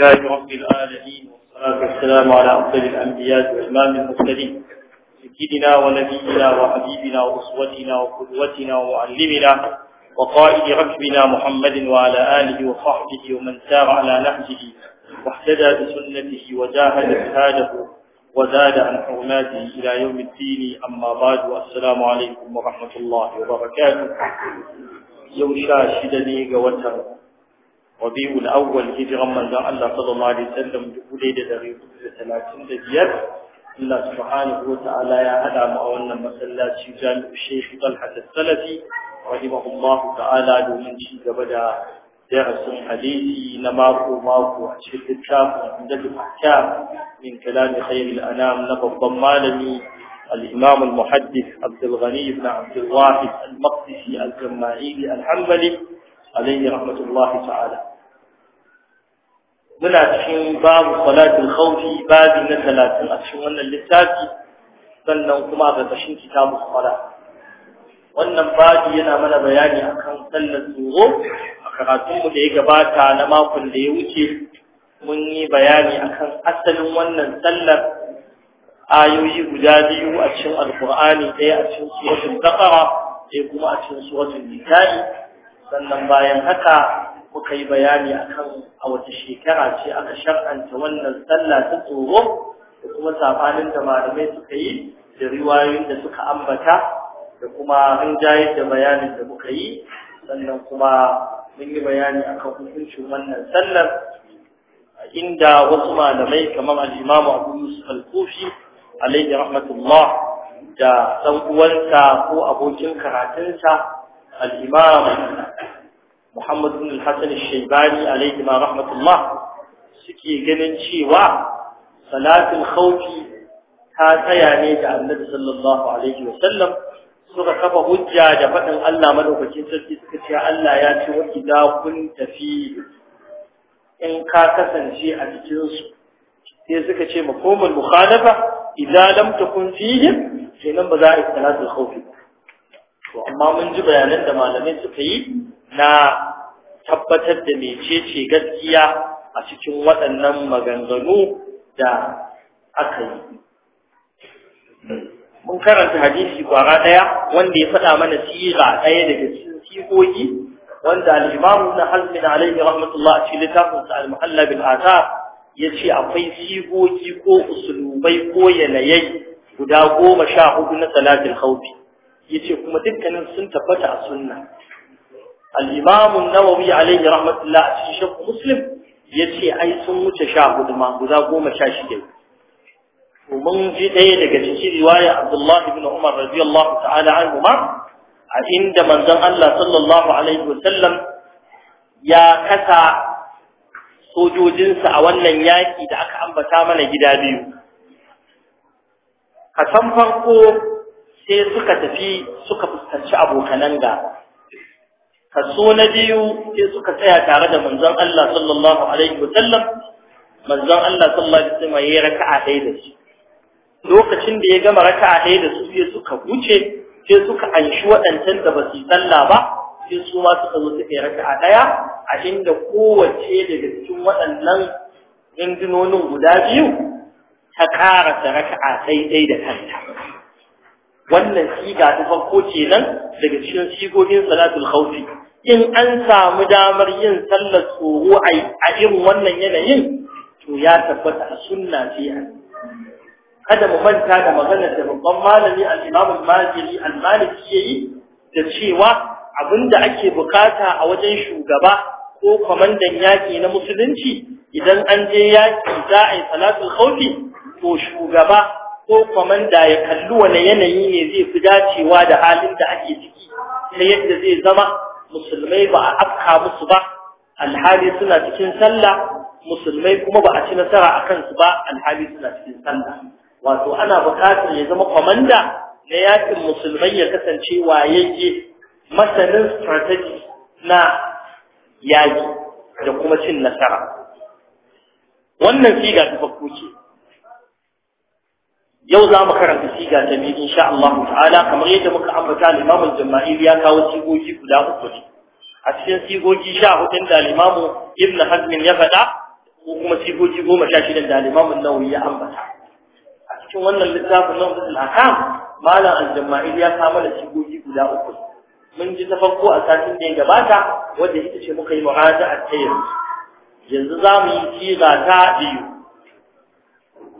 لله رب العالمين والصلاة والسلام على أفضل الأنبياء وإمام المرسلين سيدنا ونبينا وحبيبنا وأسوتنا وقدوتنا ومعلمنا وقائد ركبنا محمد وعلى آله وصحبه ومن سار على نهجه واحتدى بسنته وجاهد جهاده وزاد عن حرماته إلى يوم الدين أما بعد والسلام عليكم ورحمة الله وبركاته يوم شاشدني لي ربيع الأول هجرا من ذا الله صلى الله عليه وسلم ليلة ربيع ثلاثين ديار الله سبحانه وتعالى يا هدى مؤونا مسلا جامع الشيخ طلحة السلفي رحمه الله تعالى دومن شيء بدأ درس حديثي نماكو ماكو أشهد الكاف عند الأحكام من كلام خير الأنام نبض مالمي الإمام المحدث عبد الغني بن عبد الواحد المقدسي الجماعي الحنبلي عليه رحمة الله تعالى muna cikin babu salatul khawfi babu na talatin a cikin wannan littafi sannan kuma a gabashin kitabu sala wannan babi yana mana bayani akan sallar tsoro a karatunmu da ya gabata na makon da ya wuce mun yi bayani akan asalin wannan sallar ayoyi guda biyu a cikin alkur'ani ɗaya a cikin suratul baqara ɗaya kuma a cikin suratul nisa'i sannan bayan haka muka yi bayani akan a wata shekara ce aka shar'anta wannan sallah ta tsoro da kuma safanin da malamai suka yi da riwayoyin da suka ambata da kuma rinjayar da bayanin da muka yi sannan kuma mun yi bayani akan hukuncin wannan sallar inda wasu malamai kamar al Abu Yusuf al-Kufi alayhi rahmatullah da dan uwansa ko abokin karatunsa al Muhammad bin Hassan al-Shaybani alayhi ma rahmatullah suke ganin cewa salatul khawfi ta tsaya ne da Annabi sallallahu alaihi wa sallam suka kafa hujja da faɗin Allah madaukakin sarki suka ce Allah ya ce wa idza kun tafi in ka kasance a cikin su sai suka ce makomul mukhalafa idza lam takun fihim sai nan ba za a yi salatul khawfi to amma mun ji bayanan da malamai suka yi na tabbatar da mecece gaskiya a cikin waɗannan maganganu da aka yi mun karanta hadisi kwara ɗaya wanda ya faɗa mana siga ɗaya daga cikin sigogi wanda al'imamu na halmin alaihi rahmatullah a cikin littafin sa al-muhalla ata, ya ce akwai sigogi ko usulubai ko yanayai guda goma sha hudu na salatin haufi ya ce kuma dukkanin sun tabbata a sunna al nawawi alayhi rahmatullah a cikin shafi muslim yace ai sun wuce sha hudu ma guda goma sha shida to mun ji ɗaya daga cikin riwaya abdullah ibn umar radiyallahu ta'ala anhu ma a inda manzon Allah sallallahu alaihi ya kasa sojojinsa a wannan yaƙi da aka ambata mana gida biyu. Kasan farko sai suka tafi suka fuskanci abokanan gaba. kaso na biyu sai suka tsaya tare da manzon Allah sallallahu alaihi wasallam manzon Allah sallallahu alaihi wasallam raka'a ɗaya da lokacin da ya gama raka'a ɗaya da su sai suka wuce sai suka anshi waɗancan da ba su yi sallah ba sai su ma suka zo suka yi raka'a ɗaya a inda kowace daga cikin waɗannan rundunonin guda biyu ta ƙarasa raka'a ɗaya da kanta wannan siga ta farko nan daga cikin sigogin salatul khawfi in an samu damar yin sallar tsoro a irin wannan yanayin to ya tabbata a sunna ce kada mu manta da maganar da babban malami al-Imam al-Maliki al-Maliki yayi da cewa abinda ake bukata a wajen shugaba ko kwamandan yaƙi na musulunci idan an je yaki za a yi salatul khawfi to shugaba ko kwamanda ya kalli wane yanayi ne zai fi dacewa da halin da ake ciki ta yadda zai zama musulmai ba a afka musu ba alhali suna cikin sallah musulmai kuma ba a ci nasara a kansu ba alhali suna cikin sallah wato ana buƙatar ya zama kwamanda na yakin musulmai ya kasance wayayye masanin strategy na yaƙi da kuma cin nasara wannan siga ta farko ce yau za mu karanta siga ta biyu insha Allah ta'ala kamar yadda muka ambata limamu al-Jama'il ya kawo sigogi guda uku ne a cikin sigogi sha hudun da limamu Ibn Hazm ya faɗa ko kuma sigogi goma sha shida da limamu Nawawi ya ambata a cikin wannan littafin Nawzul Ahkam malam al-Jama'il ya kawo da sigogi guda uku mun ji ta farko a satin da ya gabata wanda ita ce muka yi mu'aza a yanzu yanzu za mu yi siga ta biyu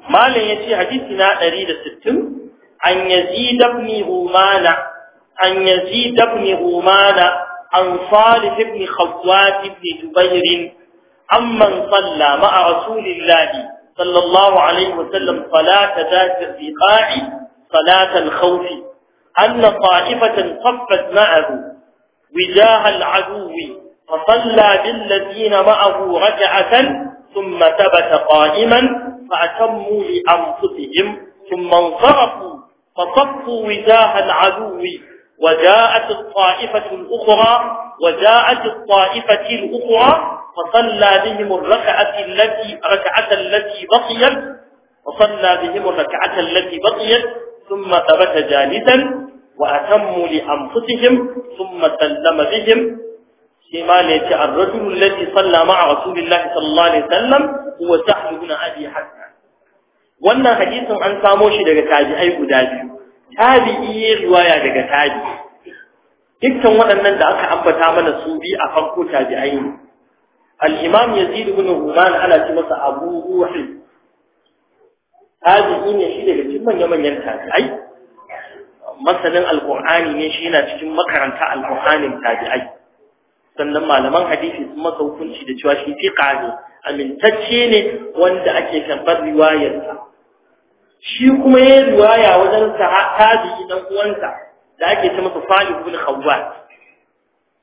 malam ya ce hadisi na 160 an yazid ibn rumana an yazid ibn rumana an salih ibn khawwat ibn jubair amman salla ma'a rasulillahi صلى الله عليه وسلم صلاة ذات الرقاع صلاة الخوف أن طائفة صفت معه وجاه العدو فصلى بالذين معه ركعة ثم ثبت قائما فأتموا لأنفسهم ثم انصرفوا فصفوا وجاه العدو وجاءت الطائفة الأخرى وجاءت الطائفة الأخرى فصلى بهم الركعة التي ركعة التي بقيت وصلى بهم الركعة التي بقيت ثم ثبت جالسا وأتموا لأنفسهم ثم سلم بهم كما الرجل الذي صلى مع رسول الله صلى الله عليه وسلم هو سهل بن أبي حتى wannan hadisin an samo shi daga tabi'ai guda biyu tabi'i ya riwaya daga tabi dukkan waɗannan da aka ambata mana su bi a farko tabi'ai ne al-imam yazid ibn ruman ana ce masa abu ruhi tabi'i ne shi daga cikin manya-manyan tabi'ai masanin Alƙur'ani ne shi yana cikin makaranta Alƙur'anin tabi'ai sannan malaman hadisi sun masa hukunci da cewa shi fiqa ne amintacce ne wanda ake karɓar riwayarsa shi kuma ya riwaya wajen tabi'i dan uwansa da ake ce masa Salih ibn Khawwat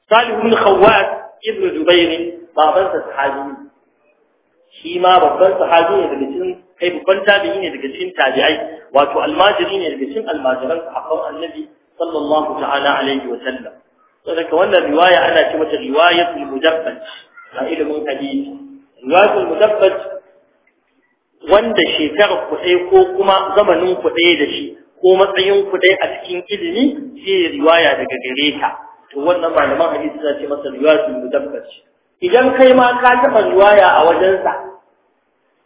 Salih ibn Khawwat ibn Jubair babansa sahabi shi ma babban sahabi ne daga cikin kai babban tabi'i ne daga cikin tabi'ai wato almajiri ne daga cikin almajiran sahabban annabi sallallahu ta'ala alaihi wa sallam saboda wannan riwaya ana ce mata riwayatul mudabbaj a ilimin hadisi riwayatul mudabbaj wanda shekarar ku ɗaya ko kuma zamanin ku ɗaya da shi ko matsayin ku ɗaya a cikin ilimi sai riwaya daga gare ka to wannan malaman hadisi za ce masa riwayatun mudabbas idan kai ma ka taɓa riwaya a wajensa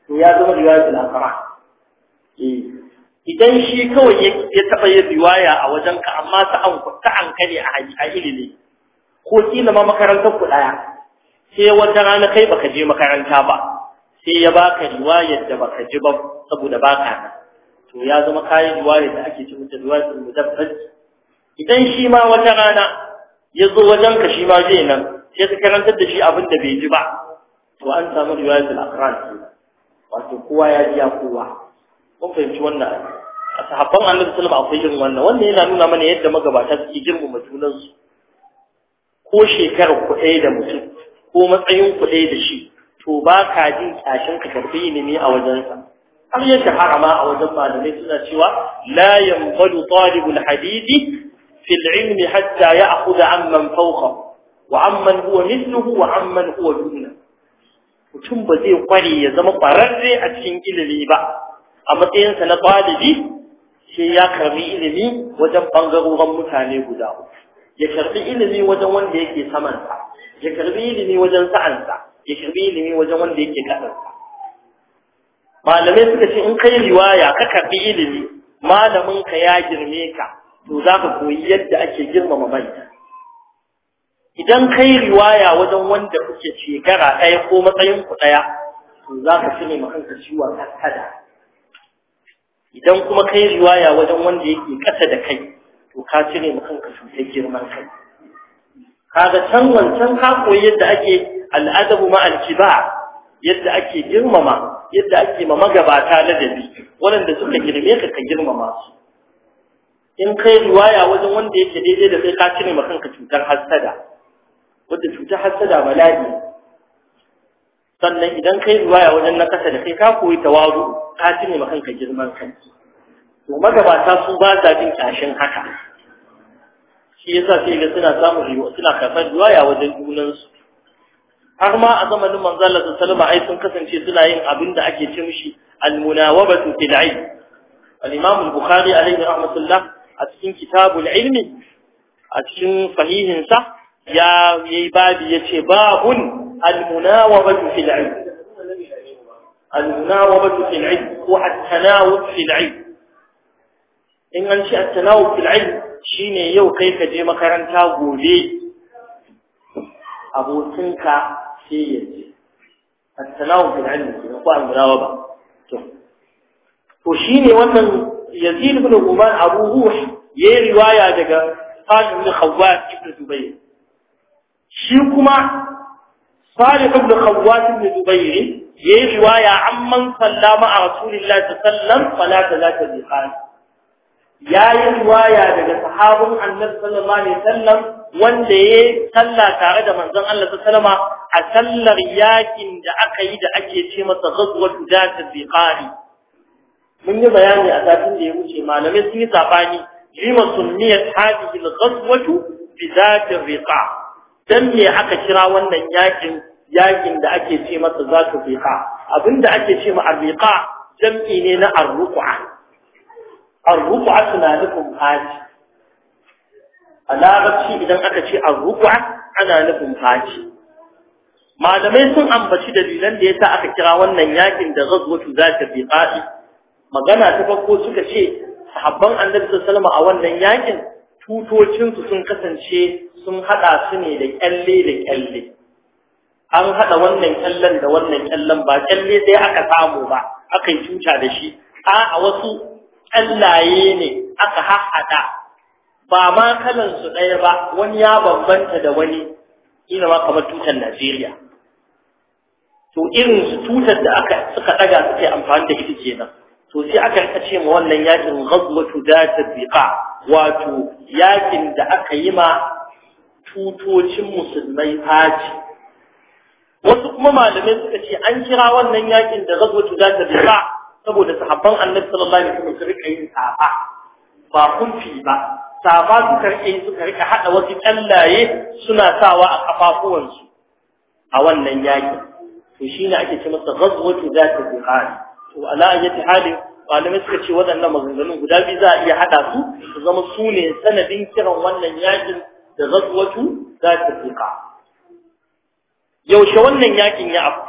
to ya zama riwayatul Eh, idan shi kawai ya taɓa yin riwaya a wajenka amma ta an ta an kare a ilimi ko kila ma makarantar ku ɗaya sai wata rana kai baka je makaranta ba sai ya baka riwayar da baka ji ba saboda baka nan to ya zama kayan riwayar da ake cikin riwayatul mudabbal idan shi ma wata rana ya zo wajen ka shi ma zai nan sai ka karantar da shi abin da bai ji ba to an samu riwayatul aqran wato kowa ya ji ya kowa kun fahimci wannan a sahabban annabi sallallahu alaihi wasallam akwai wannan wannan yana nuna mana yadda magabata suke girmama junansu ko shekarar ku da mutum ko matsayin ku da shi to ba ka jin kashin ka karbi ilimi a wajensa har ya shahara a wajen malamai suna cewa la yanbalu talibul hadidi fil ilmi hatta ya'khudha amman fawqahu wa amman huwa mithluhu wa amman huwa duna mutum ba zai kware ya zama kwararre a cikin ilimi ba a matsayinsa na ɗalibi sai ya karbi ilimi wajen bangarorin mutane guda ya karbi ilimi wajen wanda yake samansa ya karbi ilimi wajen sa'ansa ya karbi ilimi wajen wanda yake kasar malamai suka ce in kai riwaya ka karbi ilimi malamin ka ya girme ka to za ka koyi yadda ake girmama manya idan kai riwaya wajen wanda kuke shekara ɗaya ko matsayin ku ɗaya to za ka cire ma kanka ciwon hasada idan kuma kai riwaya wajen wanda yake ƙasa da kai to ka cire ma kanka sosai girman kai kaga can wancan ka koyi yadda ake al'adabu ma al-kiba yadda ake girmama yadda ake ma magabata ladabi waɗanda suka girme ka ka girmama su in kai riwaya wajen wanda yake daidai da kai ka cire ma kanka cutar hassada wanda cutar hassada bala'i sannan idan kai riwaya wajen na kasa da kai ka koyi tawazu ka cire ma kanka girman kanki to magabata su ba sa jin kashin haka shi yasa sai ga suna samun riwa suna karɓar riwaya wajen junansu har ma a zamanin manzo Allah sallallahu alaihi sun kasance suna yin abin da ake ce mishi al-munawabatu fil ilm al-imam al-bukhari alaihi rahmatullah a cikin kitabul ilmi a cikin sahihin sa ya yi babi yace babun al-munawabatu fil ilm al-munawabatu fil ilm ko at-tanawub fil in an ci at-tanawub fil shine yau kai ka je makaranta gobe abokinka sai ya ji at-tanawum fil ilm ko al-munawaba to to shine wannan yazid ibn uman abu ruh yayi riwaya daga Salih ibn Khawwat ibn Zubayr shi kuma Salih ibn Khawwat ibn Zubayr yayi riwaya amman sallama a Rasulullahi sallallahu alaihi wasallam salata la tadhiqan ya yi riwaya daga sahabin annabi sallallahu alaihi wasallam wanda ya salla tare da manzon Allah sallama a sallar yakin da aka yi da ake ce masa ghazwatu zatul biqari mun yi bayani a satin da ya wuce malamai sun yi sabani liman sunniyat hadhihi al-ghazwatu bi zatul riqa dan me aka kira wannan yakin yakin da ake ce masa zatul biqa abinda ake ce ma arriqa jam'i ne na arruqa الرقعة نالكم حاج larabci idan aka ce arruku'a ana لكم حاج malamai sun ambaci dalilan da ya sa aka kira wannan yakin da za zata biqai magana ta farko suka ce sahabban annabi sallallahu alaihi a wannan yakin tutocin su sun kasance sun haɗa su ne da kyalle da kyalle an haɗa wannan kyallen da wannan kyallen ba kyalle sai aka samu ba aka yi tuta da shi a a wasu allaye ne aka haɗa ba ma kalan su ɗaya ba wani ya bambanta da wani ina ma kamar tutar Najeriya to irin su tutar da aka suka ɗaga suka yi amfani da ita kenan to sai aka rika ce ma wannan yakin ghazwatu da biqa wato yakin da aka yi ma tutocin musulmai faci wasu kuma malamai suka ce an kira wannan yakin da ghazwatu da biqa saboda sahabban annabi sallallahu alaihi wasallam su yi yin safa ba kunfi ba safa suka rika suka rika hada wasu kallaye suna sawa a kafafuwansu a wannan yaki to shine ake ce masa ghazwatu zatu biqan to ala ayati hali malamai suka ce waɗannan maganganun guda biyu za a iya haɗa su su zama su ne sanadin kiran wannan yakin da ghazwatu zatu biqan yaushe wannan yakin ya afu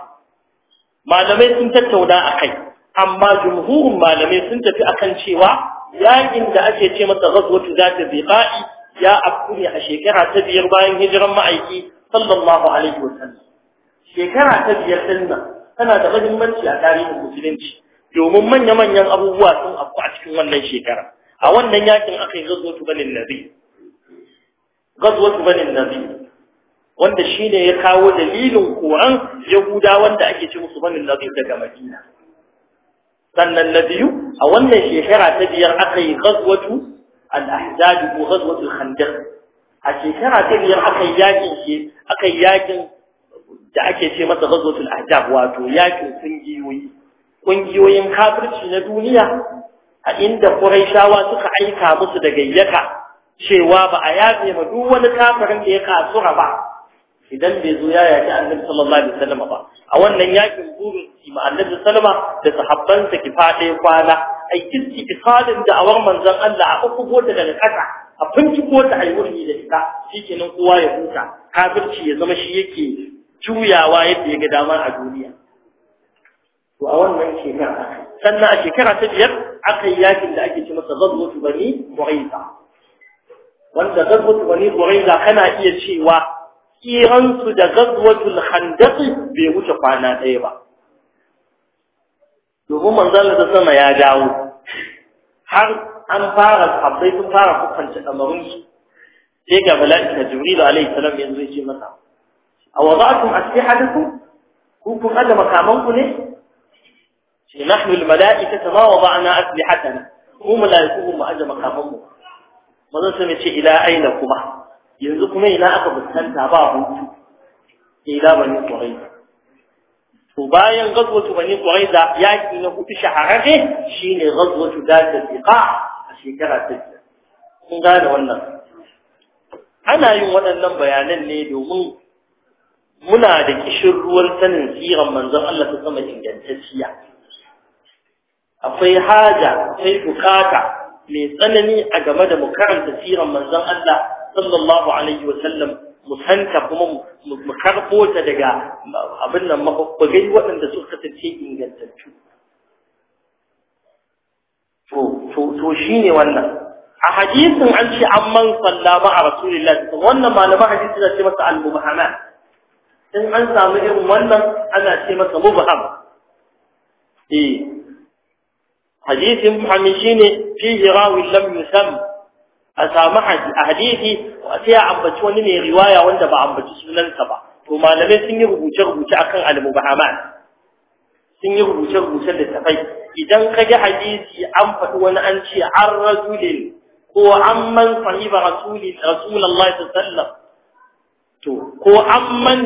malamai sun tattauna akai amma jumhurin malamai sun tafi akan cewa yayin da ake ce masa ghazwatu zata biqa'i ya afku ne a shekara ta biyar bayan hijiran ma'aiki sallallahu alaihi sallam shekara ta biyar din nan tana da muhimmanci a tarihin musulunci domin manya-manyan abubuwa sun afku a cikin wannan shekara a wannan yakin aka yi ghazwatu banin nabi ghazwatu banin nabi wanda shine ya kawo dalilin koran Yahudawa wanda ake ce musu banin nabi daga madina sannan na biyu a wannan shekara ta biyar aka yi ghazwatu al ko ghazwatu khandaq a shekara ta biyar aka yi yakin shi aka yi yakin da ake ce masa ghazwatu al wato yakin kungiyoyi kungiyoyin kafirci na duniya a inda shawa suka aika musu da gayyaka cewa ba a yafe ma duk wani kafirin da ya kasura ba idan bai zo ya yaki annabi sallallahu alaihi wasallam ba a wannan yakin burin su ma annabi salama da sahabbansa ki fade kwana ai kiski ifadin da awar manzon Allah a uku gota daga kasa a finci gota ai wurni da ita shikenan kowa ya huta kafirci ya zama shi yake juyawa yadda ya ga dama a duniya to a wannan shekara sannan a shekara ta biyar akayi yakin da ake ci masa zazzatu bani quraiza wanda zazzatu bani quraiza kana iya cewa kiransu da gazwatul handaki bai wuce kwana ɗaya ba domin manzala da sama ya dawo har an fara sahabbai sun fara kukanta ɗamarinsu sai ga mala'ika jibrilu alaihi salam yanzu ya ce masa a wada'atum aslihatakum ku kun da makamanku ne ce nahnu almala'ikata ma wada'na aslihatana mu mala'iku mu aje makamanmu manzon sai ce ila aina kuma yanzu kuma ina aka fuskanta ba hutu da bani quraiza to bayan gazwatu bani da yaki na hutu shahararre shine da ta tiqa a shekara ta kun gane wannan ana yin waɗannan bayanan ne domin muna da kishin ruwan sanin siran manzon Allah ta sama ingantacciya akwai haja sai bukata mai tsanani a game da mu karanta siran manzon Allah sallallahu alaihi wa sallam mu kuma mu karbo ta daga abin nan mafakwagai waɗanda suka kasance ingantattu to shine wannan a hadisin an ce amman sallama a rasulullahi wannan malaman hadisi da ce masa al-muhammad in an samu irin wannan ana ce masa mubham eh hadisin muhammad shine fi rawi lam yusam a samu hadisi sai a ambaci wani mai riwaya wanda ba ambaci sunansa ba to malamai sun yi rubuce-rubuce akan al-mubahaman sun yi rubuce-rubuce da tafai idan ka ga hadisi an faɗi wani an ce an rasulin ko an man sahiba rasuli rasulullah sallam to ko an man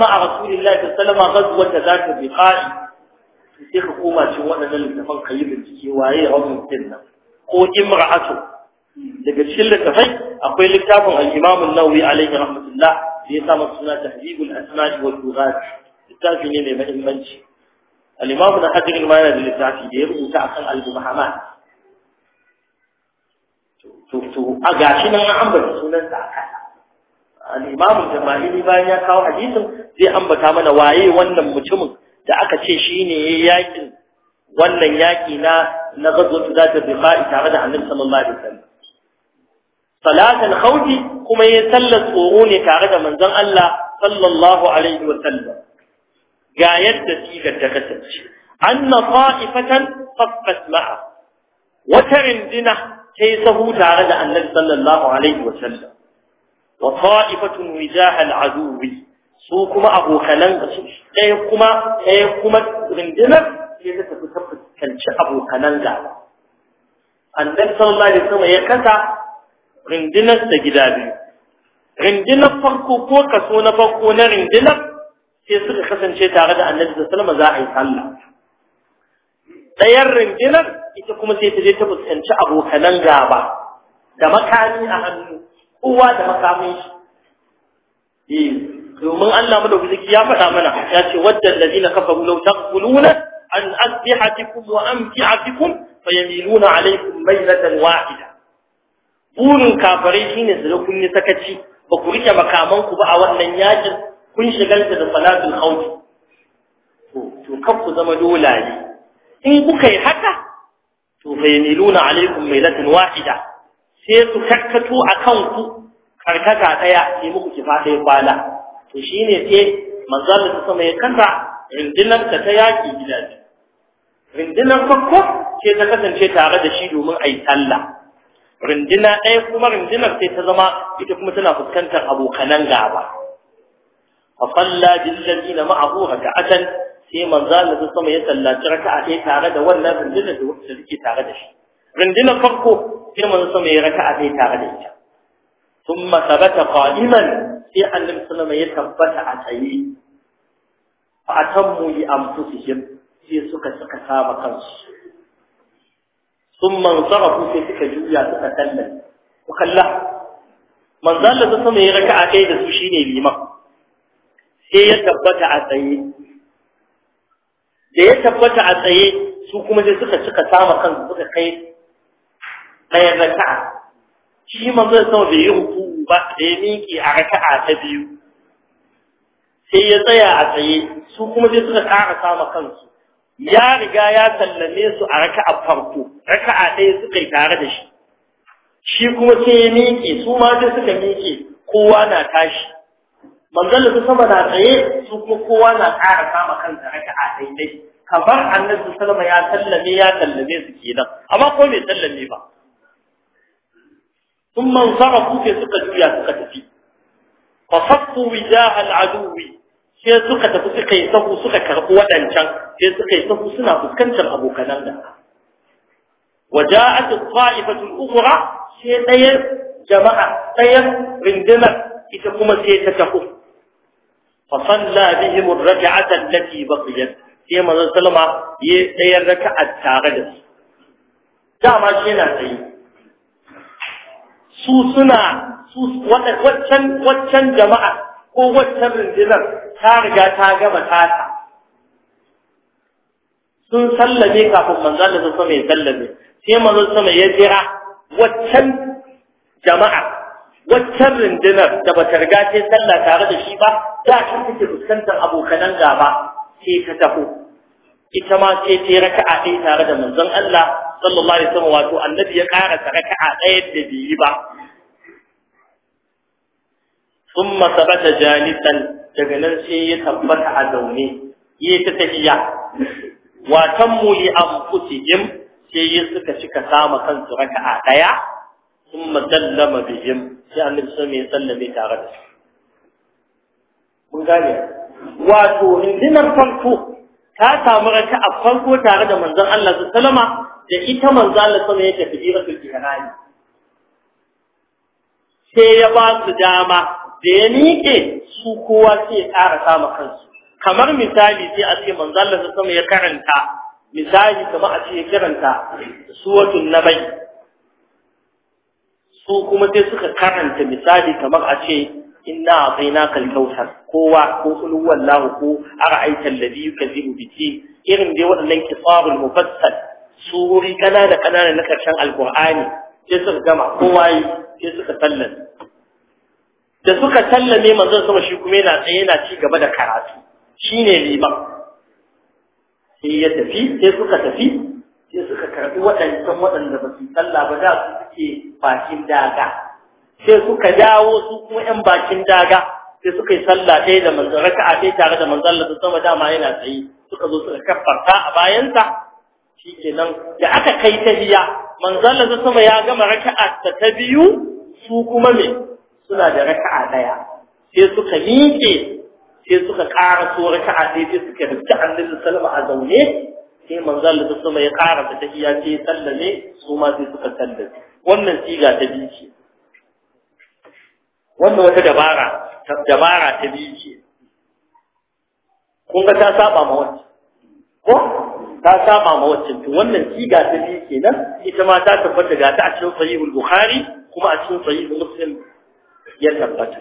ma a rasulullah sallam gazuwa ta zata bi qari sai ka koma cikin waɗannan littafan kayi bincike waye rawun din nan ko imra'atu daga cikin littafai akwai littafin al-Imam an-Nawawi alayhi rahmatullah da ya sa masa suna Tahdhibul Asma'i wal Lughat littafi ne mai muhimmanci al-Imam da Hajar ma yana da littafi da ya rubuta akan al-Muhammad to to a gashi nan an ambata sunan sa aka al-Imam Jamalini bayan ya kawo hadisin zai ambata mana waye wannan mutumin da aka ce shine yakin wannan yaki na na gazwatu zata bifa'i tare da Annabi sallallahu alaihi wasallam salatan khawfi kuma ya sallar tsoro ne tare da manzon Allah sallallahu alaihi wa sallam ga yadda sifar ta kasance anna ta'ifatan saffat ma'a wata rindina ta yi sahu tare da annabi sallallahu alaihi wa sallam wa ta'ifatun wijaha al'aduwi su kuma abokanan da su ɗaya kuma ɗaya kuma rindinar sai ta tafi ta fuskanci abokanan gaba annabi sallallahu alaihi wa sallam ya kasa rindinar da gida biyu rindinar farko ko kaso na farko na rindinar sai suka kasance tare da annabi da salama za a yi sallah ɗayan rindinar ita kuma sai ta je ta fuskanci abokanan gaba da makami a hannu kowa da makamin shi eh, domin Allah madaukaki ya faɗa mana ya ce wadda allazina kafaru law taquluna an asbihatikum wa amti'atikum fayamiluna alaykum maylatan wahida burin shi shine su kun yi sakaci ba ku rike makaman ku ba a wannan yakin kun shigalta da salatul hauti. to to kan ku zama dolaye in kuka yi haka to bai niluna alaikum mailatan wahida sai su karkato kan ku karkata daya sai muku kifa ɗaya kwana to shine sai manzalin ta sama ya kanta rindinar ta ta yaki gidaje? rindinar farko ce ta kasance tare da shi domin a yi sallah rundina ɗaya kuma rundunar sai ta zama ita kuma tana fuskantar abokanan gaba fa salla bil ladina ma'ahu atan sai manzo Allah sama ya sallaci raka'a ɗaya tare da wannan rundunar da wacce take tare da shi rundunar farko sai manzo sama ya raka'a ɗaya tare da ita thumma thabata qa'iman sai annabi sallallahu ya tabbata a tsaye fa atammu li anfusihim sai suka suka saba kansu suka juya ثم انصرفوا في تلك الجوية تتسلل وخلاه من ظل kai da su shine liman sai ya tabbata a tsaye da ya tabbata a tsaye su kuma sai suka cika sama kan suka kai ɗayan raka'a shi manzo sama bai yi ruku ba da ya miƙe a raka'a ta biyu sai ya tsaya a tsaye su kuma sai suka ƙara sama kansu ya riga ya sallame su a raka'a farko raka'a ɗaya suka yi tare da shi shi kuma sai ya miƙe su ma sai suka miƙe kowa na tashi manzon da sama na tsaye su kuma kowa na ƙara kama kansa raka'a daidai kamar annabi sallama ya sallame ya sallame su kenan amma ko bai sallame ba sun man sarrafu suka juya suka tafi fa fakku wijah al-aduwi sai suka tafi suka yi sahu suka karɓi waɗancan sai suka yi sahu suna fuskantar abokanan da waja'at ta'ifatul ukhra sai ɗaya jama'a ɗayan rindinar ita kuma sai ta tafi fa salla bihim ar-rak'ata allati baqiyat sai manzon sallama yi ɗayan raka'a tare da su dama shi yana tsaye su suna su waccan waccan jama'a ko waccan rindinar ta riga ta gama tata sun sallame kafin manzon da sama ya sallame sai manzon sama ya jira waccan jama'a waccan rundunar da ba ta riga ta sallah tare da shi ba za ta take fuskantar abokanan gaba sai ta taho ita ma sai ta yi raka'a ɗaya tare da manzon Allah sallallahu alaihi wasallam wato annabi ya karasa raka'a ɗaya da yi ba ثم ثبت جالسا daga nan sai ya tabbata a zaune yi ta tafiya watan mu li anfusihim sai yi suka ka sama kansu a ɗaya, sun sallama bihim sai an sallallahu alaihi wasallam ya tare da su mun gane wato hindinar farko ta samu raka a farko tare da manzon Allah su salama da ita manzon Allah sallallahu alaihi wasallam ya tafi jihratul ihram sai ya ba su dama da ya miƙe su kowa sai ya ƙara sama kansu kamar misali sai a ce manzo su sama ya karanta misali kamar a ce ya karanta na bai su kuma sai suka karanta misali kamar a ce inna atainaka na kalkautar kowa ko qul huwallahu ko biyu ka zihu biki irin dai waɗannan kisarul mufassal surori ƙanana-ƙanana na karshen alqur'ani sai suka gama kowa sai suka tallan. da suka sallame manzon sama shi kuma yana tsaye yana ci gaba da karatu shine liman sai ya tafi sai suka tafi sai suka karbi waɗannan waɗanda ba su sallah ba da su suke bakin daga sai suka dawo su kuma yan bakin daga sai suka yi sallah ɗaya da manzon raka'a ɗaya tare da manzon Allah sama dama yana tsaye suka zo suka kaffarta a bayansa shikenan da aka kai tahiya manzon Allah sama ya gama raka'a ta biyu su kuma me suna da raka'a daya sai suka miƙe sai suka ƙara so raka'a ɗaya sai suka rubuta annabi sallama a zaune sai manzo Allah ta sama ya ƙara ta tahiyya sai sallame su ma sai suka sallame wannan siga ta biyu wannan wata dabara dabara ta biyu kun ga ta saba ma wacce ko ta saba ma wacce to wannan siga ta biyu kenan ita ma ta tabbata ga ta a cikin sahihul bukhari kuma a cikin sahihul muslim ya tabbata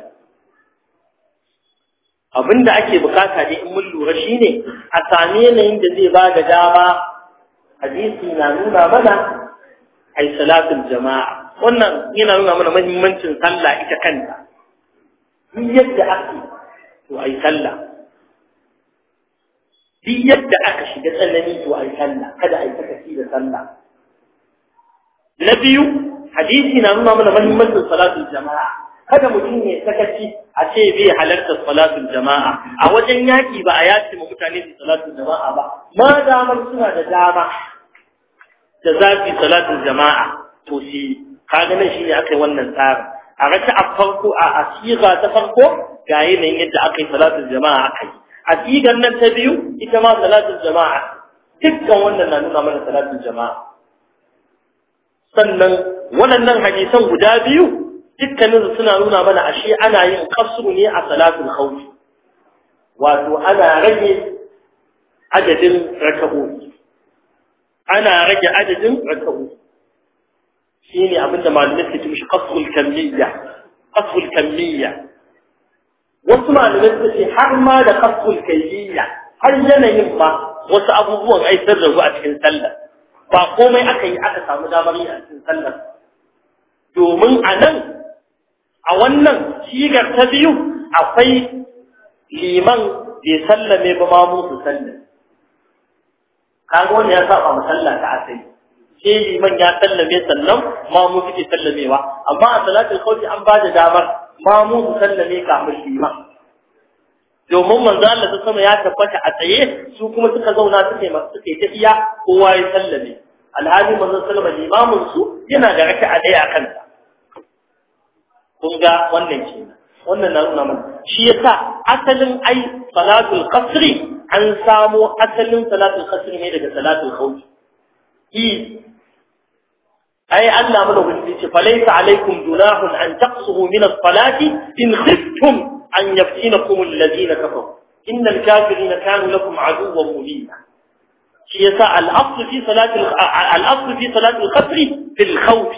abin da ake bukata ne in mun lura shi ne a sami yanayin da zai ba da dama hadisi na nuna mana ai salatul jama'a wannan yana nuna mana mahimmancin sallah ita kanta duk yadda ake to ai sallah duk yadda aka shiga tsanani to ai sallah kada ai takasi da sallah na biyu hadisi na nuna mana mahimmancin salatul jama'a kada mutum ya sakaci a ce bai halarta salatul jama'a a wajen yaki ba a yaci ma mutane su salatul jama'a ba ma damar suna da dama da zafi salatul jama'a to shi kaga nan shine akai wannan tsarin a a farko a asiga ta farko ga yanayin yadda akai salatul jama'a akai asigar nan ta biyu ita ma salatul jama'a dukkan wannan na nuna mana salatul jama'a sannan waɗannan hadisan guda biyu dukkaninsu suna nuna mana ashe ana yin kafsu ne a salatul khawf wato ana rage adadin raka'o'i ana rage adadin raka'o'i shine abinda malamai suke cewa qasrul kamiyya qasrul kamiyya wasu malamai suke har ma da qasrul kayyiyya har yanayin ma wasu abubuwan ai da ragu a cikin sallah ba komai aka yi aka samu damar yi a cikin sallah domin a nan a wannan shigar ta biyu akwai liman bai sallame ba ma mu su sallame kaga wanda ya saba masalla ta asali sai liman ya sallame sannan ma mu suke sallamewa amma a salatul khawfi an ba da damar ma mu su sallame kafin liman domin manzo Allah ta sama ya tabbata a tsaye su kuma suka zauna suke suke ta iya kowa ya sallame alhaji manzo sallama limamin su yana da raka'a daya a kansa kun ga wannan kenan wannan na nuna mana shi yasa asalin ai salatul qasri an samo asalin salatul qasri ne daga salatul khawf i ai Allah mana gudu ce falaysa alaikum junahun an taqsuhu min as-salati in khiftum an yaftinakum alladhina kafaru innal kafirina kanu lakum aduwwan mubina shi yasa al-asl fi salatul al-asl fi salatul qasri fil khawf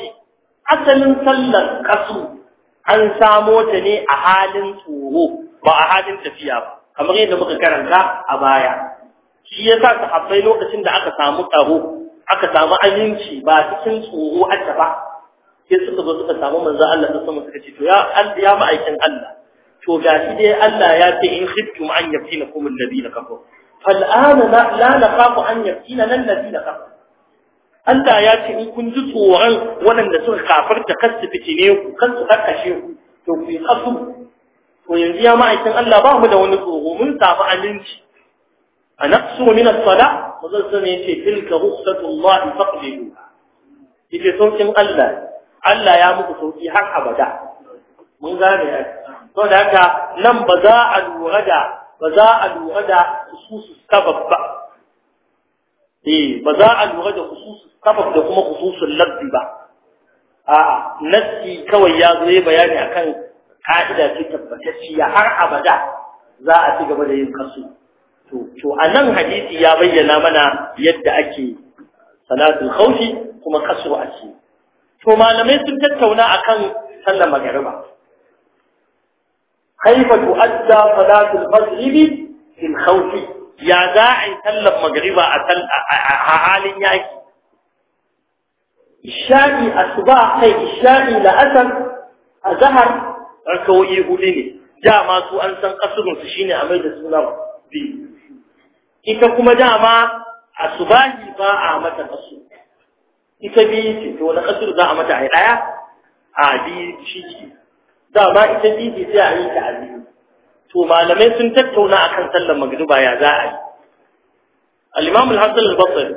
asalin sallar qasr an samo ta ne a halin tsoro ba a halin tafiya ba kamar yadda muka karanta a baya shi ya sa sahabbai lokacin da aka samu tsaro aka samu aminci ba cikin tsoro aka ba sai suka zo suka samu manzo Allah da sama suka ce to ya ya ma'aikin Allah to ga shi dai Allah ya ce in khiftum an yaftina kum alladhina kafaru fal'ana la nakhafu an yaftina alladhina kafaru Allah ya ce in kun ji tsoron waɗanda suka kafarta kar su fitine ku kar su karkashe ku to ku yi hasu to yanzu ya ma'aikin Allah ba mu da wani tsoro mun samu aminci a naqsu min as-sala wazan sun yace tilka rukhsatullah faqdilu yake saukin Allah Allah ya muku sauki har abada mun gane ya to da haka nan ba za a lura da ba za a lura da su su sabab ba eh ba za a lura da khususus sabab da kuma khususul lafzi ba a'a nassi kawai ya zo ya bayani akan ka'ida ce tabbatacciya har abada za a ci gaba da yin kasu to to anan hadisi ya bayyana mana yadda ake salatul khawfi kuma kasu ake to malamai sun tattauna akan sallar magariba kaifa tu'adda salatul maghrib fil khawfi ya za a yi sallar magariba a halin yaki isha'i asuba kai isha'i la'asar a zahar rakawoyi hudu ne dama su an san kasurinsu shine a mai da suna biyu ita kuma dama asubahi ba a mata kasu ita biyu ce to wani kasur za a mata a yi ɗaya a biyu shi ce dama ita biyu ce sai a yi ta a biyu to malamai sun tattauna akan sallar magruba ya za a yi al-imam al-hasan al-basri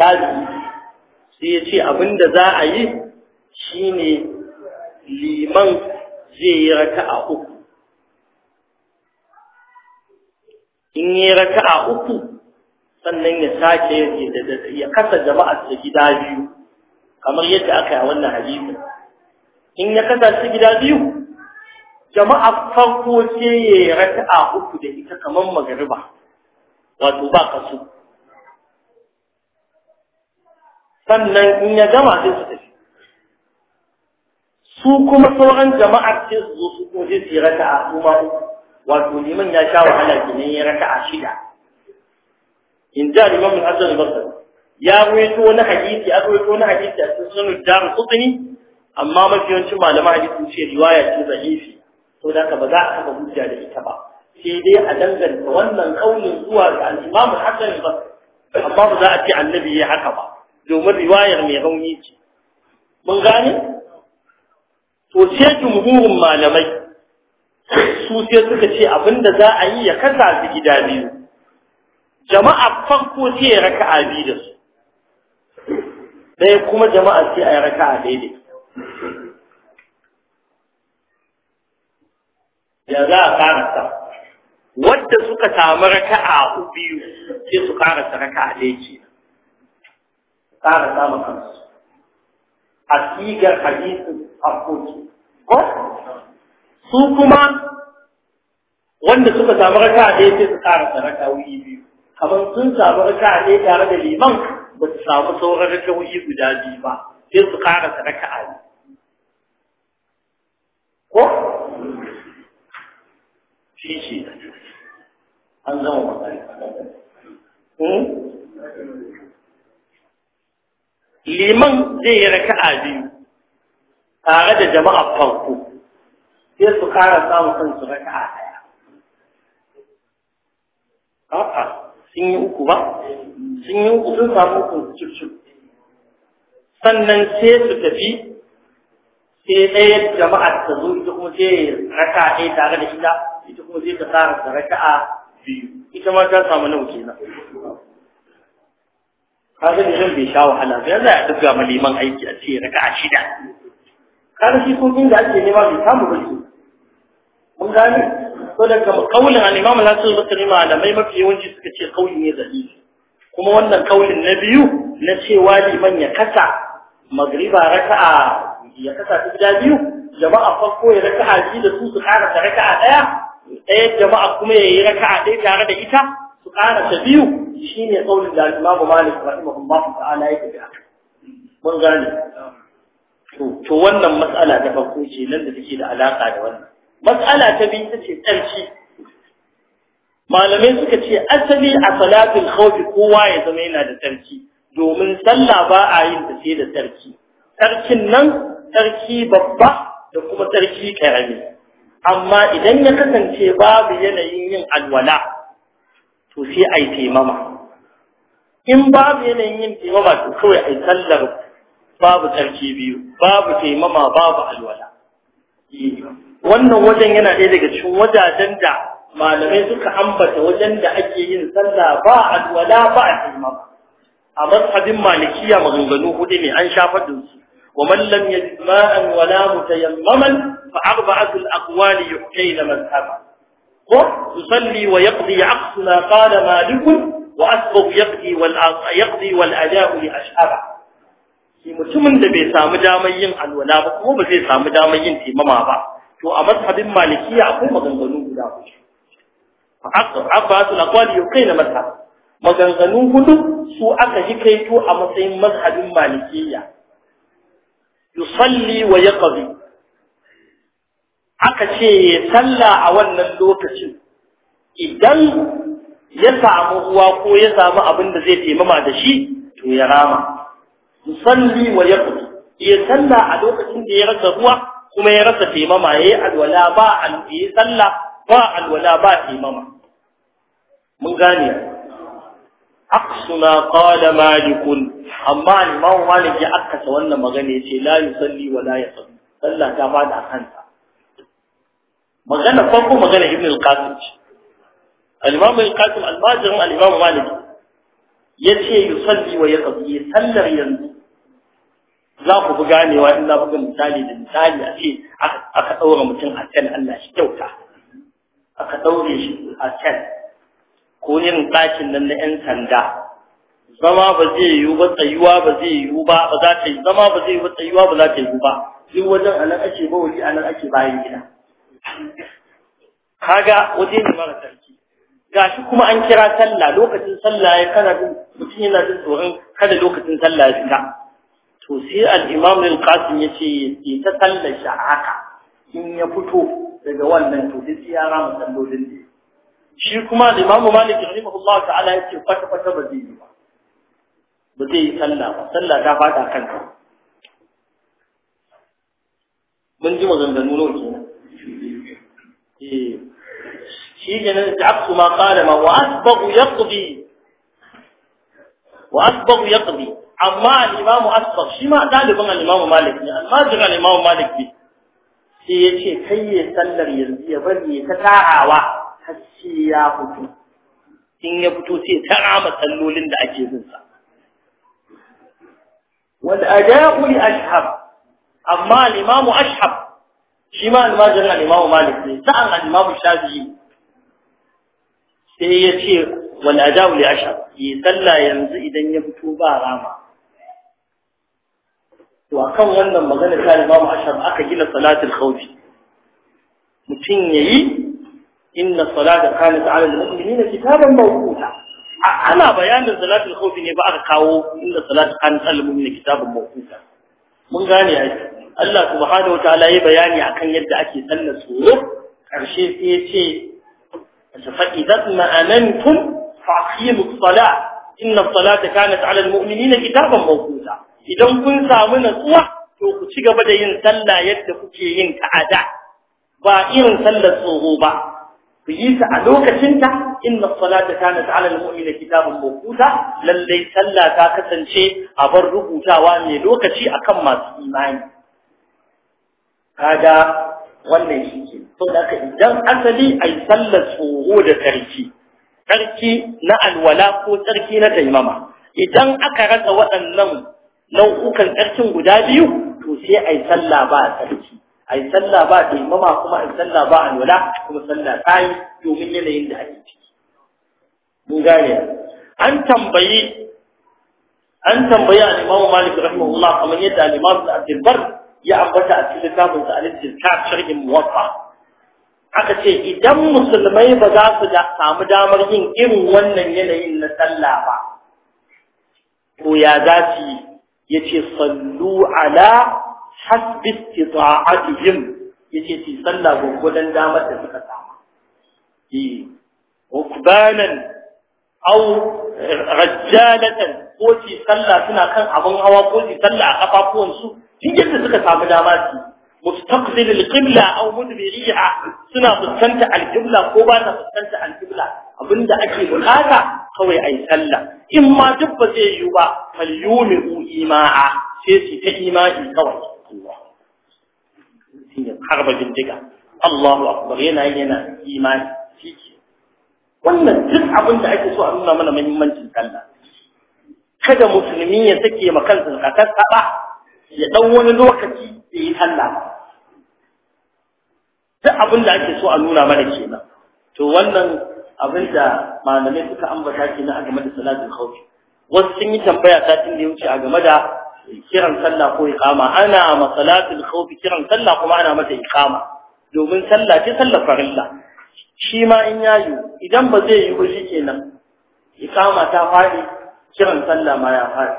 kaji sai ya ce abinda za a yi shine liman zai yi raka'a uku in yi raka'a uku sannan ya sake ya kasa jama'a da gida biyu kamar yadda aka yi a wannan hadisi in ya kasa su gida biyu jama'a farko sai ya yi a uku da ita kamar magariba wato ba su sannan in ya gama sai su tafi su kuma sauran jama'ar sai su zo su kuma zai su yi raka'a su ma wato liman ya sha wahala ginin ya raka'a shida in ja liman min hasan basar basri ya ruwaito wani hadisi ya ruwaito wani hadisi a cikin sunan darul qutni amma mafi yawancin malaman hadisi ce riwaya ce zahifi to da ka ba za a kafa hujja da ita ba sai dai a danganta wannan ƙaunin zuwa ga al'imamu imam ba amma ba za a ce annabi ya haka ba domin riwayar mai rauni ce mun gane to sai jumhurin malamai su sai suka ce abinda za a yi ya kasa su gida biyu jama'a farko sai ya raka'a biyu da su ɗaya kuma jama'a sai a yi a daidai ya za a karasa wadda suka samu raka'a biyu sai su karasa raka'a ɗaya ce karasa ma kansu a sigar hadisin haƙoƙi ko su kuma wanda suka samu raka'a ɗaya sai su karasa raka'o'i biyu kamar sun samu raka'a ɗaya tare da liman ba su samu sauran raka'o'i guda biyu ba sai su karasa raka'a ko shi an zama magana hmm? liman zai yi raka a biyu tare da jama'a farko sai su kara samun su raka a daya Ƙafa sun yi uku ba sun yi uku sun samu uku cicin sannan sai su tafi sai ɗaya jama'a ta zo ita kuma sai raka'a ɗaya tare da ita ita kuma zai ta tsara da raka'a biyu ita ma ta samu nawa kenan kaga ne zan bai sha wahala ba yanzu a dubga ma liman aiki a ce raka'a shida kaga shi kun inda ake nema bai samu ba ke mun gane to da kaulin al-imam al-hasan al-basri malamai mafi yawanci suka ce kauli ne dalili kuma wannan kaulin na biyu na cewa liman ya kasa magriba raka'a ya kasa ta gida biyu jama'a farko ya raka'a shi da su su ƙara ta raka'a ɗaya ɗaya jama'a kuma ya yi raka'a ɗaya tare da ita su ƙara ta biyu ne tsaunin da Imam Malik su ta'ala yake da mun gane to to wannan mas'ala ta farko ce nan da take da alaka da wannan mas'ala ta biyu ta ce tsarki malamai suka ce asali a salatul khawf kowa ya zama yana da tsarki domin sallah ba a yin ta sai da tsarki tsarkin nan tsarki babba da kuma tsarki karami amma idan ya kasance babu yanayin yin alwala to sai a taimama in babu yanayin yin taimama to kawai a yi sallar babu tsarki biyu babu taimama babu alwala wannan wajen yana ɗaya daga cikin wajajen da malamai suka ambata wajen da ake yin sallah ba alwala ba a taimama a mazhabin malikiya maganganu hudu ne an shafar da ومن لم يجد ماء ولا متيمما فأربعة الأقوال يحكين مذهبا يصلي ويقضي عقص ما قال وأسبق يقضي, يقضي والأداء لأشهبه shi mutumin da bai samu damar yin alwala ba kuma ba zai samu damar yin taimama ba to a mazhabin malikiya akwai maganganu guda hudu abbas al-aqwali yuqina mazhab maganganu hudu su aka yi kaito a matsayin mazhabin malikiya yusalli wa yaqdi aka ce ya salla a wannan lokacin idan ya samu ruwa ko ya samu abin da zai taimama da shi to ya rama yusalli wa yaqdi ya salla a lokacin da ya rasa ruwa kuma ya rasa taimama yayi alwala ba an yi salla ba alwala ba taimama mun gane aqsu ma qala Malikun, amma imam Maliki akasa wannan magana yace la yusalli wa la yasalli sallah ta fada kansa magana farko magana ibn al-qasim al-imam al-qasim al-majrin al-imam malik yace yusalli wa yasalli sallar yanzu za ku bi ganewa in za ku ga misali da misali a ce aka ɗaura mutum a can Allah shi kyauta aka ɗaure shi a can ko yin ɗakin nan na 'yan sanda zama ba zai yiwu ba tsayuwa ba zai yiwu ba ba za ta yi zama ba zai yiwu ba tsayuwa ba za ta yiwu ba duk wajen anan ake ba wuri anan ake bayan gida kaga waje ne mara sarki gashi kuma an kira sallah lokacin sallah ya kana jin mutum yana jin tsoron kada lokacin sallah ya fita to sai al-imam al-qasim ce ya ta sallar shi haka in ya fito daga wannan to sai ya rama sallolin da shi kuma da imamu malik rahimahullah ta'ala yake fata fata ba zai yi ba ba zai yi sallah ba sallah ta fada kanka mun ji maganganu nawa kenan eh shi kenan ta'abtu ma qala ma wa asbagu yaqdi wa asbagu yaqdi amma al-imamu asbagh shi ma dalibin imamu malik ne almajin al-imamu malik ne sai yace kai ya sallar yanzu ya bari ta ta'awa haske ya fito in ya fito sai ta rama tsallolin da ake bin sa wal ada'u li ashhab amma al imam ashhab shi ma almajirin al imam malik ne sa'an al imam shafi'i sai ya ce wal ada'u li ashhab yi sallah yanzu idan ya fito ba rama to akan wannan magana ta imam ashhab aka gina salatul khawfi mutum yayi inna salata kanat ala al-mu'minina kitaban mawquta ana bayanin salatul khawf ne ba aka kawo inda salatu an tsalmin ne kitaban mawquta mun gane ai Allah subhanahu wataala yayi bayani akan yadda ake sallar tsoro karshe sai ya ce fa idan ma amantum fa aqimu salat inna salata kanat ala almu'minina kitaban mawquta idan kun samu natsuwa to ku ci gaba da yin sallah yadda kuke yin ta'ada ba irin sallar tsoro ba ku yi ta a lokacinta inna salata kanat ala almu'mina kitabun mawquta lalle sallah ta kasance a bar rubutawa mai lokaci akan masu imani kaga wannan shike to da ka idan asali ai sallar tsoro da tsarki, tsarki na alwala ko tsarki na taimama idan aka rasa waɗannan nau'ukan tsarkin guda biyu to sai ai sallah ba tsarki. ai sallah ba imama kuma ai sallah ba alwala kuma sallah ta domin yanayin da ake ciki mun gane an tambayi an tambayi al-Imam Malik rahimahullah kamar yadda al da Abdul ya ambata a cikin littafin sa al-Tilkar sharhin Muwatta aka ce idan musulmai ba za su samu damar yin irin wannan yanayin na sallah ba to ya za su yi yace sallu ala hasbi istita'atihim yace ti sallah gogodan damar da suka samu eh ukbanan aw rajjalatan ko ci sallah suna kan abun hawa ko ci sallah a kafafuwan su duk yadda suka samu dama su mustaqbil qibla aw mudbiriha suna fuskanta al-qibla ko ba ta fuskanta al-qibla abinda ake bukata kawai ai sallah in ma duk ba zai yi ba falyumiru ima'a sai su ta imani kawai Allah shi ne harba bindiga Allahu akbar yana yana imani shi wannan duk abin da ake so a nuna mana muhimmancin sallah kada musulmi ya sake ma kansa kakakkaba ya dan wani lokaci da yi sallah duk abin da ake so a nuna mana kenan to wannan abin da malamai suka ambata kenan a game da salatul khawf wasu sun yi tambaya satin da ya wuce a game da kiran sallah ko iqama ana ma salatul khawf kiran sallah kuma ana mata iqama domin sallah ce sallar farilla shi ma in yayi idan ba zai yi ba kenan iqama ta fadi kiran sallah ma ya fadi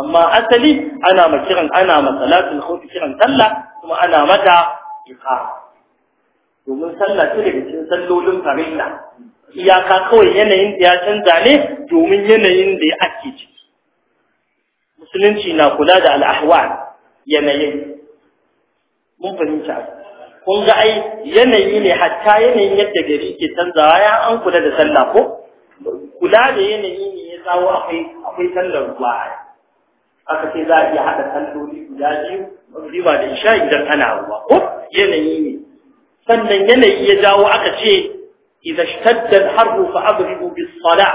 amma asali ana ma kiran ana ma salatul khawf kiran sallah kuma ana mata iqama domin sallah ce daga cikin sallolin farilla iyaka kawai yanayin da ya canza ne domin yanayin da ya ake ciki musulunci na kula da al'ahwal yanayin mun fahimta kun ga ai yanayi ne hatta yanayin yadda gari ke canzawa ya an kula da sallah ko kula da yanayi ne ya tsawo akwai akwai sallar ruwa aka ce za a iya haɗa salloli guda biyu riba da isha idan ana ruwa ko yanayi ne sannan yanayi ya jawo aka ce idan shtadda al-harru fa abribu bis-salah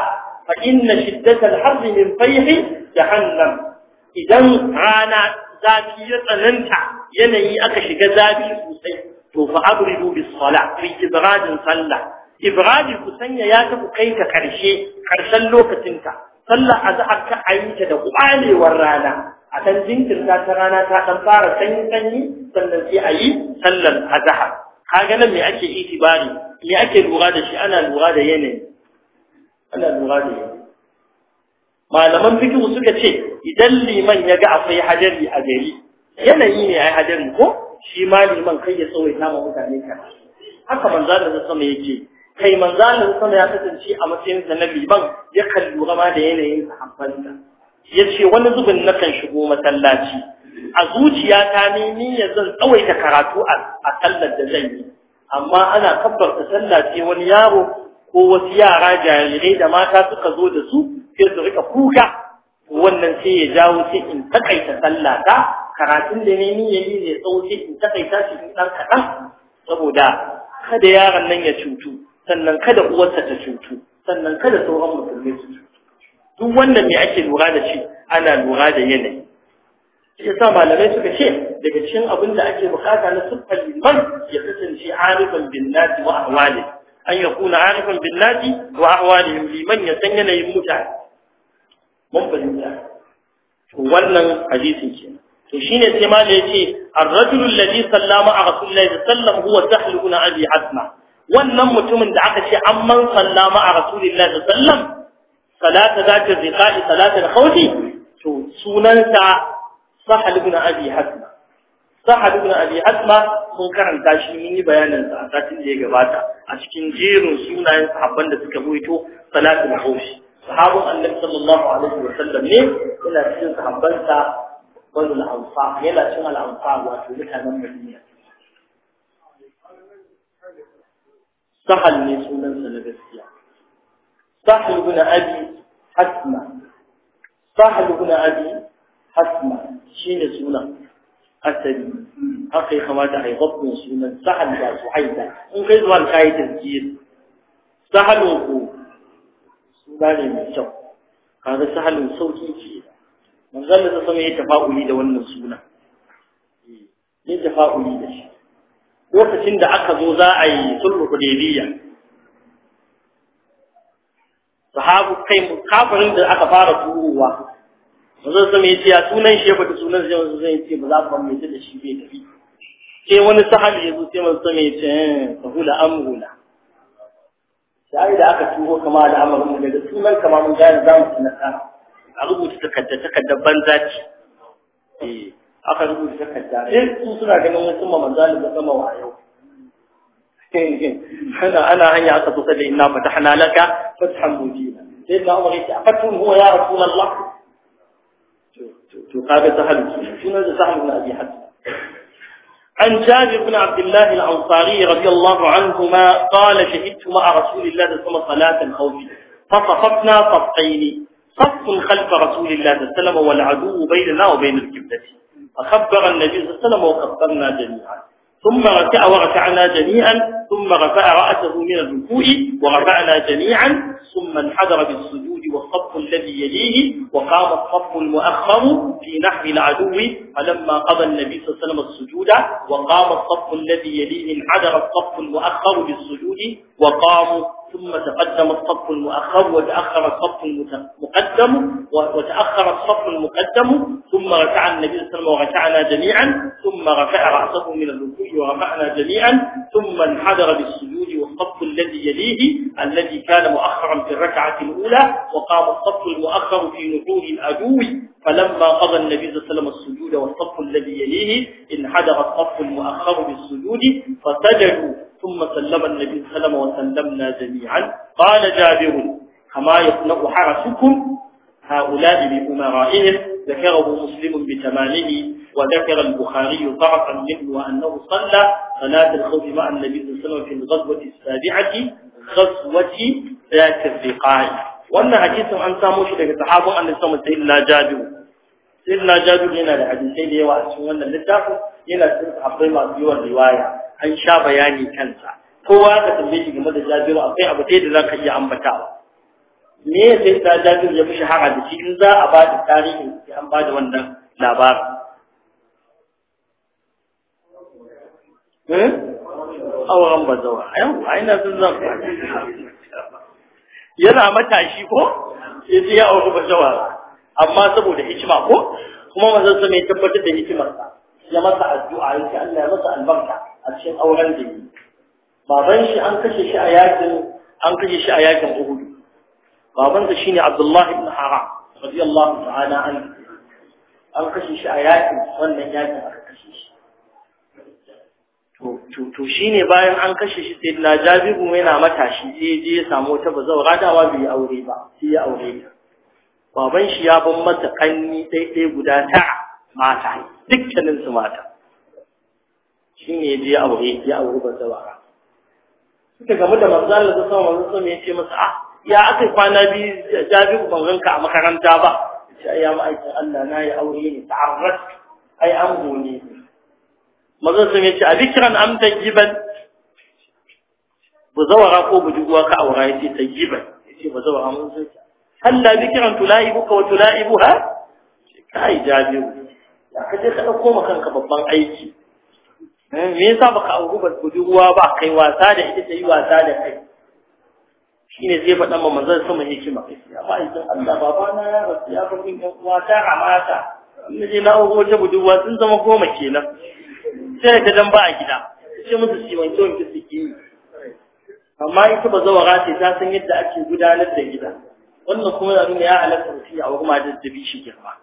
fa inna shiddata al-harri min fayhi jahannam idan rana zafi ya tsananta yanayi aka shiga zafi sosai to fa abridu bis sala fi ibradin sallah ibradi ku sanya ya tafi kai ka karshe karshen lokacinta sallah azhar ka ayyuka da kwalewar rana a kan jinkirta ta rana ta dan fara sanyi sanyi sannan sai ayi sallar azhar kaga nan me ake itibari me ake lura da shi ana lura da yanayi ana lura da yanayi malaman fiqh suka ce idan liman ya ga akwai hadari a gari yanayi ne ai hadari ko shi ma liman kai ya tsawai nama mutane ka? haka manzo da sama yake kai manzo da sama ya kasance a matsayin sa na liman ya kallu gama da yanayin Ya yace wani zubin na kan shigo masallaci a zuciyata ne ni ya zan tsawaita karatu a sallar da zan yi amma ana kabbarta sallah sai wani yaro ko wasu yara jarirai da mata suka zo da su sai su rika kuka wannan sai ya jawo sai in takaita sallata karatun da ne ni yayi ne tsawo sai in takaita shi in dan kaɗan. saboda kada yaron nan ya cutu sannan kada uwarsa ta cutu sannan kada sauran musulmi su cutu duk wannan me ake lura da shi ana lura da yanayi shi malamai suka ce daga cikin abin da ake bukata na siffar liman ya kasance arifan bin nasi wa ahwali an ya arifan bin wa liman ya san yanayin mutane mun fahimta to wannan hadisin ke. to shine sai ma ya ce ar-rajul alladhi sallama a rasulillahi sallam huwa sahl ibn abi asma wannan mutumin da aka ce an man sallama a rasulillahi sallam salata zata ziqai salatul khawfi to sunanta sahal ibn abi hasma sahal ibn abi hasma mun karanta shi mun yi bayanin sa a satin da ya gabata a cikin jerin sunayen sahabban da suka buito salatul khawfi صحابه النبي صلى الله عليه وسلم ليه الى سيد حبلتا قول الانصار يلا شو الانصار وتلك المدينه صح الناس من سلبيه صح ابن ابي حسما صح ابن ابي حسما شين سنة أسد أخي خواتا هي غب من سنة صح الناس وحيدا من قيد والكاية تسجيل صح الوقوف sura mai kyau kaga sahalin sauki ce manzon da sama ya tafa'uli da wannan suna ne eh, tafa'uli da shi lokacin da aka zo za a yi sulhu hudaybiya sahabu kai kafirin da aka fara turowa manzon sama ya ce ya sunan shi ya sunan shi manzon sama ya ce ba za ku mai da shi bai tafi sai wani sahabi ya zo sai manzon sama ce eh, hula amhula sai da aka tuho kama da amarin da da sunan kama mun gane zamu ci nasara a rubuta takarda takarda banza ce eh aka rubuta takarda eh su suna ganin wasu sun manzo Allah da sama wayo ana ana hanya aka so sai inna fatahna laka fathan mujina sai da Umar ya fatun huwa ya rasulullah to to kaga sahalu sunan da sahalu na abi hadd عن جابر بن عبد الله الأنصاري رضي الله عنهما قال شهدت مع رسول الله صلى الله عليه وسلم صلاة أو فصففنا صفقين صف خلف رسول الله صلى الله عليه وسلم والعدو بيننا وبين الكبدة فخبر النبي صلى الله عليه وسلم وكبرنا جميعا ثم ركع وركعنا جميعا ثم رفع رأسه من الركوع ورفعنا جميعا ثم انحدر بالسجود والصف الذي يليه وقام الصف المؤخر في نحو العدو فلما قضى النبي صلى الله عليه وسلم السجود وقام الصف الذي يليه انعدر الصف المؤخر بالسجود وقاموا ثم تقدم الصف المؤخر وتأخر الصف المقدم وتأخر الصف المقدم ثم ركع النبي صلى الله عليه وسلم وركعنا جميعا ثم رفع رأسه من الركوع ورفعنا جميعا ثم انحدر بالسجود الصف الذي يليه الذي كان مؤخرا في الركعة الأولى وقام الصف المؤخر في نحور العدو فلما قضى النبي صلى الله عليه وسلم السجود والصف الذي يليه انحدر الصف المؤخر بالسجود فسجدوا ثم سلم النبي صلى الله عليه وسلم وسلمنا جميعا قال جابر كما يصنع حرسكم هؤلاء بأمرائهم ذكره مسلم بتمامه وذكر البخاري ضعفا منه وأنه صلى صلاة الخوف مع النبي صلى الله عليه وسلم في الغزوة السابعة غزوة ذات الرقاع wannan hadisin an samo shi daga sahabin annabi sallallahu alaihi wasallam jabir sayyidina jabir yana da hadisai da yawa a cikin wannan littafin yana cikin sahabbai masu yawan riwaya an sha bayani kansa kowa ka tambaye shi game da jabiru akwai abu sai da iya ambatawa me ya sai ta jabir ya fi shahara da shi in za a ba da tarihin sai an ba da wannan labarin hmm? auren bazawa a ina sun zan yana matashi ko ya ya auri bazawa amma saboda hikima ko kuma mazan sa mai tabbatar da hikimarsa ya masa addu'a ya ce Allah ya masa albarka a cikin auren da yi baban shi an kashe shi a yakin an kashe shi a yakin Uhud babansa shine Abdullah ibn Haram radiyallahu ta'ala an an kashe shi a yakin wannan yakin aka kashe shi to to shine bayan an kashe shi sai na Jabiru yana matashi sai je ya samu ta bazawara dawa bai aure ba sai ya aure ta baban shi ya ban mata kanni dai guda ta mata dukkanin su mata shine je ya aure ya aure bazawara suka gamu da manzo Allah sallallahu alaihi wasallam ya ce masa ah ya aka kwana biyu jabiru ban ganka a makaranta ba sai ya aikin Allah na yi aure ne ta'arrat ai an gone mazan sun yace a bikiran am bu buzawara ko bujuwa ka aura yace tajiban yace buzawara mun sai halla bikiran tulaibuka wa tulaibuha kai jabiru ya kaje ka dauko maka kanka babban aiki eh, me yasa baka auri bujuwa ba kai wasa da ita ta yi wasa da kai shine zai faɗa ma manzon sama hikima amma idan Allah babana ya rasu ya bar ɗan uwa ta amata in je na ta budurwa sun zama goma kenan sai ta dan ba a gida sai musu su wanke wanke su ke amma ita ba zawara ce ta san yadda ake gudanar da gida wannan kuma da nuna ya halatta mutum ya ma da dabi shi girma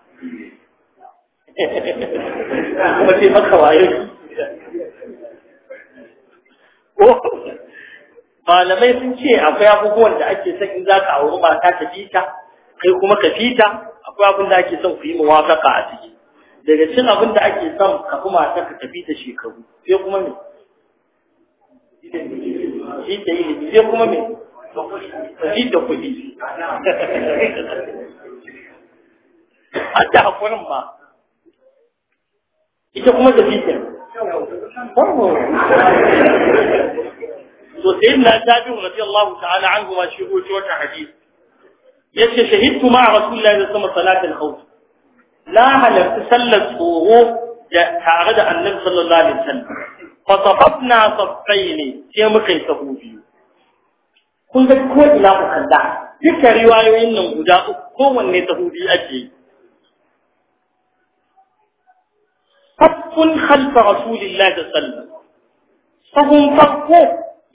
kuma sai maka wayo ko malamai sun ce akwai abubuwan da ake son in za ka auri mata ta fita kai kuma ka fita akwai abin da ake son ku yi muwafaka a ciki daga cin abin da ake son ka fi mata ka tafi ta shekaru sai kuma me shi ta sai kuma me da kuɗi an da ma ita kuma tafi ta to sayyidina tabi'u radiyallahu ta'ala anhu ma shi goce wata hadisi yace shahidtu ma rasulullahi sallallahu alaihi wasallam salatul khawf la halaftu sallat tsoro tare da annabi sallallahu alaihi wasallam fa safafna saffaini sai muka yi sahu biyu kun ga ko ila ku kalla duka riwayoyin nan guda uku kowanne sahu biyu ake yi صف خلف رسول الله صلى الله عليه وسلم فهم صفوا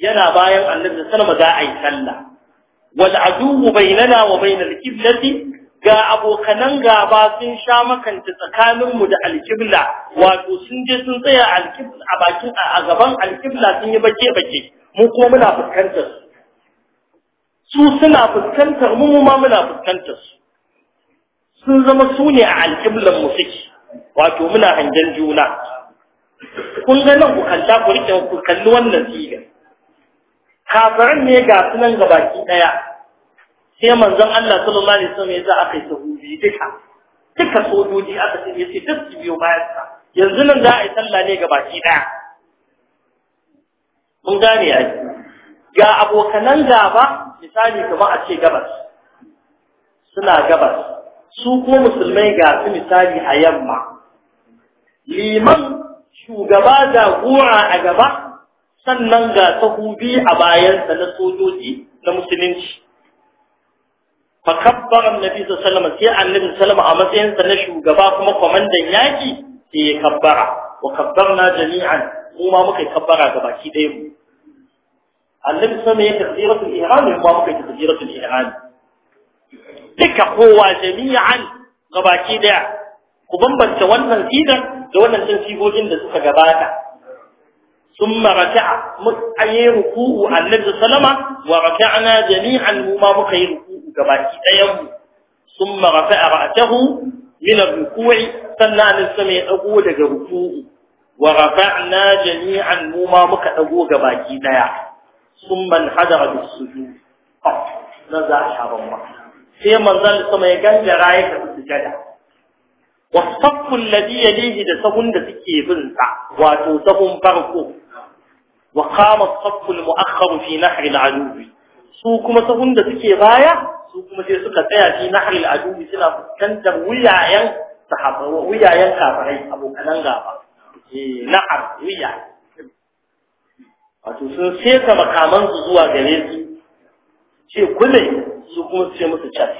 yana bayan annabi alaihi za a yi sallah wal aduwu bainana wa bainal qiblati ga abokanan gaba sun sha makanta tsakanin mu da alqibla wato sun je sun tsaya alqibla a bakin a gaban alqibla sun yi bake bake mu ko muna fuskantar su su suna fuskantar mu mu ma muna fuskantar su sun zama su ne a alqiblan mu suke wato muna hangen juna kun ga nan ku kalla ku rike ku kalli wannan sigar kafirin ne ga sunan baki daya sai manzon Allah sallallahu alaihi wasallam ya za aka yi sahubi duka duka sojoji aka ce ya ce duk biyo bayan sa yanzu nan za a yi sallah ne baki daya mun gane ai ga abokanan gaba misali kuma a ce gabas suna gabas su kuma musulmai ga su misali a yamma liman shugaba da gura a gaba sannan ga sahubi a bayansa na sojoji na musulunci fakabbaran nabi sallallahu alaihi sai annabi sallallahu a matsayinsa na shugaba kuma kwamandan yaki sai ya kabbara wa na jami'an mu ma muka kabbara ga baki ɗaya mu annabi sallallahu ya takbiratul ihram mu ma muka takbiratul ihram duka kowa jami'an ga baki ɗaya ku bambanta wannan sigar da wannan cin sigogin da suka gabata ثم ركع أي ركوع النبي صلى الله عليه وسلم وركعنا جميعا هما مكي ركوع كباكي أيام ثم رفع رأسه من الركوع سنة نسمي أقول ركوع ورفعنا جميعا هما مكي أقول كباكي ديا ثم انحدر بالسجود نزع حرم sai manzon sama ya gangara ya tafi sujada wasaffu alladhi yalihi da sahun da suke bin sa wato sahun farko wa qama as-saff al-mu'akhkhar su kuma sahun da suke baya su kuma sai suka tsaya fi nahr al-aduwi suna fuskantar wuyayen sahabbai wuyayen kafirai abokan gaba eh na'am wuya. wato sun seta makamansu zuwa gare su ce kullai su kuma su ce musu cas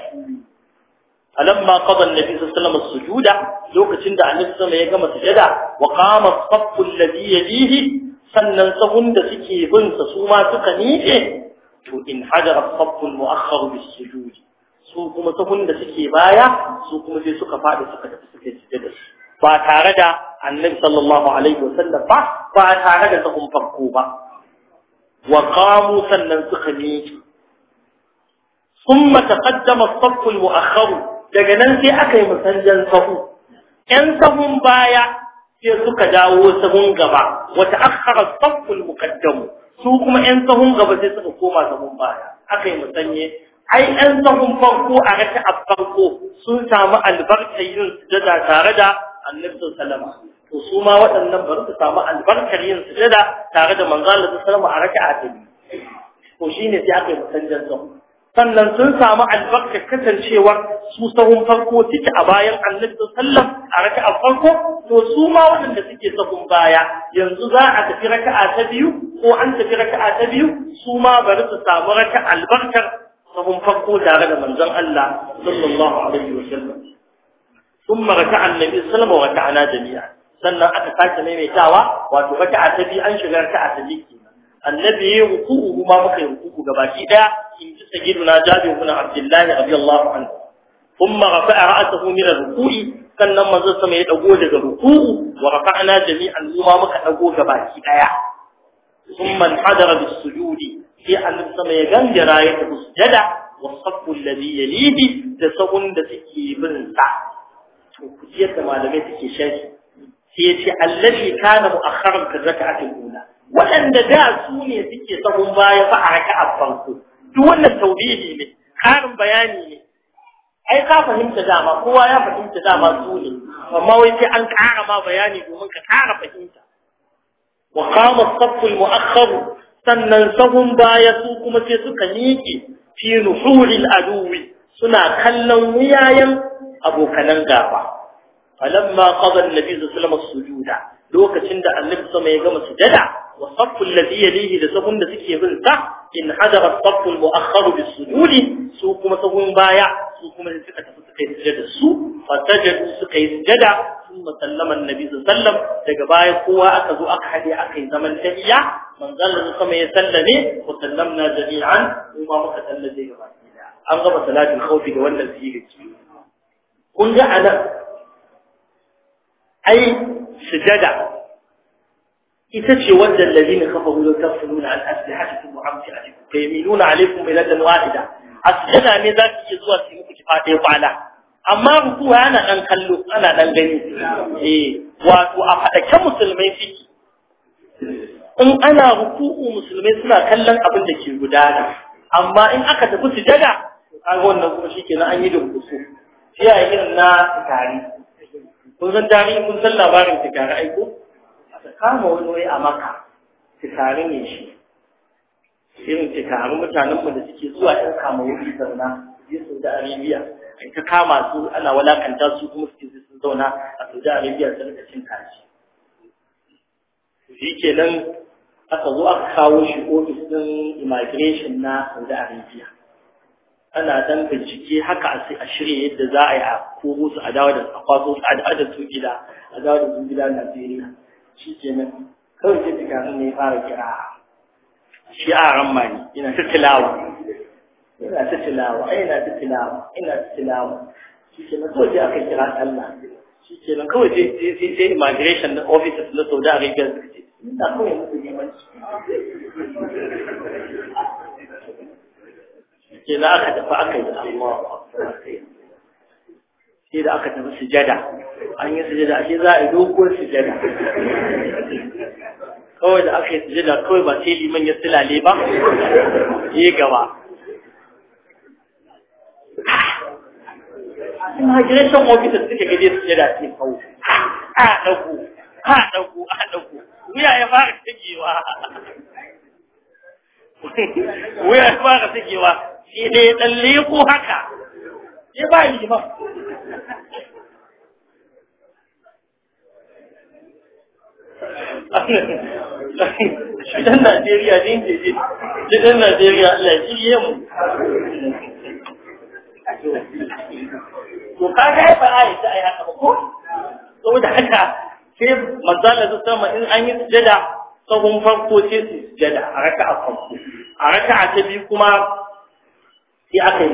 ma qada annabi sallallahu alaihi sujuda lokacin da annabi sallallahu ya gama sujada wa qama as-saffu alladhi yalihi sannan sahun da suke bin sa su ma suka niƙe to in hajara sabbul mu'akhkharu bis sujud su kuma sahun da suke baya su kuma sai suka fadi suka tafi suka sujada ba tare da annabi sallallahu alaihi wasallam ba ba tare da sahun farko ba wa qamu sannan suka miƙe thumma taqaddama as-safful mu'akhkharu daga nan sai aka yi musanjan sahu ƴan sahun baya sai suka dawo sahun gaba wata akhara saful muqaddam su kuma ƴan sahun gaba sai suka koma sahun baya yi musanye ai ƴan sahun farko a raka a farko sun samu albarkar yin sujada tare da annabi sallallahu alaihi to su ma waɗannan bari su samu albarkar yin sujada tare da manzo Allah sallallahu alaihi wasallam a raka'a ta biyu to shine sai aka yi musanjan sahun sannan sun samu albarka kasancewar su sahun farko suke a bayan annabi sallam a raka'a farko to su ma waɗanda suke sahun baya yanzu za a tafi raka'a ta biyu ko an tafi raka'a ta biyu su ma bari su samu raka albarkar sahun farko tare da manzon Allah sallallahu alaihi wa sallam ثم ركع النبي صلى الله عليه وسلم وركعنا جميعا sannan aka sake maimaitawa wato raka'a ta biyu an shiga raka'a ta biyu annabi ya ruku'u ma muka yi gabaki daya in سيدنا جابر بن عبد الله رضي الله عنه ثم رفع رأسه من الركوع كان لما زلت ما يدعوه لك الركوع ورفعنا جميعا لما مكا أقوك باكي آية ثم انحدر بالسجود في أن السماء يغنجر آية السجدة والصف الذي يليه تسون دسكي بنسا وكتية معلمات كشاش سيتي الذي كان مؤخرا في الركعة الأولى وأن دا سوني سكي صهم بايفا عكا أفضل duk wannan tauhidi ne karin bayani ne ai ka fahimta dama kowa ya fahimta dama su ne amma wai sai an ƙara ma bayani domin ka ƙara fahimta wa qama as-saff al-mu'akhkhar sannan sahun baya su kuma sai suka miƙe fi nuhuril aduwi suna kallon wuyayen abokanan gaba falamma qada an-nabi sallallahu alaihi wasallam as-sujuda lokacin da annabi sama ya gama sujada والصف الذي يليه لسهم سكي بنتا إن حذر الصف المؤخر بالسجول سوق سهم بايع سوق سكة سكي سجد السوء فتجد سكي سجد ثم سلم النبي صلى الله عليه وسلم تقبايا قوة أكذو أكحد أكي زمن تهيا من ظل نصم يسلم وسلمنا جميعا وما مكت الذي يبعد أنظر صلاة الخوف جوانا الزيجة كن جعل أي سجدة ita ce wanda alladhina kafaru la tafsiluna an aslihatikum wa amtiatikum fa yaminuna alaykum milatan wahida asjada ne za ki zuwa ki muku ki fada kwala amma ruku yana dan kallo ana dan gani eh wato a fadake musulmai fiki in ana ruku'u musulmai suna kallon abin da ke gudana amma in aka tafi su sujada kaga wannan kuma shikenan an yi da hukusu sai a irin na tare kun san tarihi kun san labarin tikara aiko su kama wani wuri a maka su tare ne shi irin su tare mutanenmu da suke zuwa ɗan kama wuri zauna su je su da arabiya a ta kama su ana walakanta su kuma suke sun zauna a da arabiya su rika cin kaji shi kenan aka zo aka kawo shi ofis ɗin immigration na saudi arabiya ana dan bincike haka a shirya yadda za a yi a kogo su a dawo da kwaso su a dawo da su gida a dawo da su gida Najeriya shi kenan kawai sai tukanin ne fara kira shi a ramma ne ina ta tilawa ina ta tilawa ina ta tilawa ina ta tilawa shi ke kenan kawai sai aka kira sallah shi ke kenan kawai sai sai immigration officers na Saudi Arabia suka ce ina kawai musu ke kenan aka tafi aka yi a Allah sai da aka tafi sujada an yi sujada ashe za a yi doguwar sujada kawai da aka yi sujada kawai ba sai liman ya silale ba ya gaba in hajjireshin su ke gaje sujada sai kawo a ɗago a ɗago a ɗago wuya ya fara tagewa wuya ya fara tagewa sai dai ya tsalle ko haka ke ba liman shidan Najeriya ne ke Najeriya Allah ya to kaga haka ba ko haka sai sama in an yi sujada farko sai su a raka'a a raka'a kuma sai aka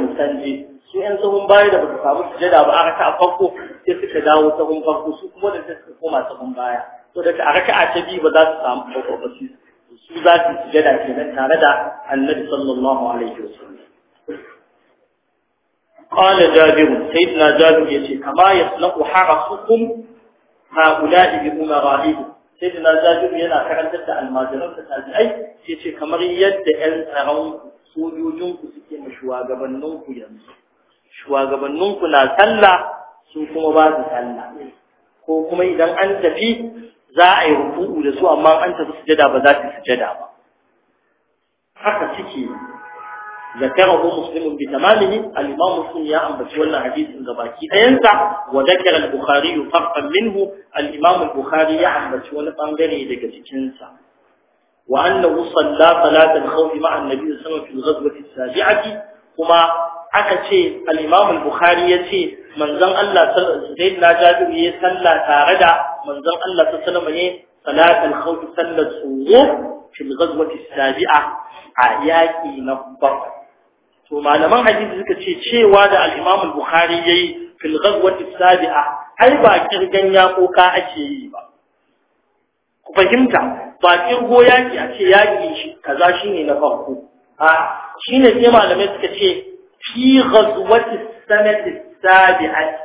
yi shi ɗan tsohon baya da baka samu sujada ba a farko sai suka dawo tsohon farko su kuma da suka koma tsohon baya to da a raka a ta biyu ba za su samu farko ba su za su sujada ke nan tare da annabi sallallahu alaihi wa sallam. Kwale Jabiru, sai na ya ce, kama ya suna ku hukum ha guda ibi umar rahibu. Sai da yana karantar da almajiran ta tabi'ai, kamar yadda ‘yan tsaron sojojinku suke mashuwa gabaninku yanzu. shugabannin ku na sallah su kuma ba su sallah ko kuma idan an tafi za a yi ruku'u da su amma an tafi sujada ba za su sujada ba haka suke ذكره مسلم بتمامه الإمام مسلم يا أم بسولنا حديث غباكي أينسى وذكر البخاري فرقا منه الإمام البخاري يا أم بسولنا فانجري لكتكنسى وأنه صلى صلاة الخوف مع النبي صلى الله عليه وسلم في الغزوة السابعة kuma aka ce al-Imam al-Bukhari yace manzon Allah sayyidina Jabir ya sallah tare da manzon Allah sallallahu alaihi wasallam salat khawf sallat suwo fi al-ghazwati sabia a yaki na bakwai to malaman hadisi suka ce cewa da al-Imam al-Bukhari yayi fil al-ghazwati sabia ai ba kirgan koka ake yi ba ku fahimta ba kirgo yaki ake ce shi kaza shine na farko a shine sai malamai suka ce fi ghazwati sanati sabi'ati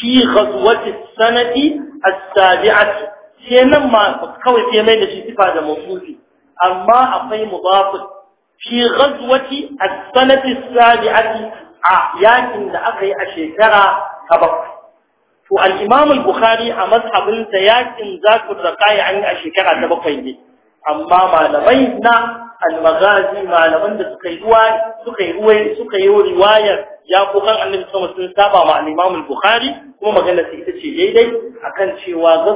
fi ghazwati sanati as-sabi'ati sai nan ma kawai sai mai da shi sifa da mawsufi amma akwai mudaf fi ghazwati as-sanati as-sabi'ati a yakin da aka yi a shekara ta bakwai to al-imam al-bukhari a mazhabin da yakin zakul zakai an a shekara ta bakwai ne amma malamai na al-maghazi malaman da suka yi ruwa suka yi ruwa suka yi riwayar ya kokan annabi sama sun saba ma al-Imam al-Bukhari kuma magana sai ita ce daidai akan cewa za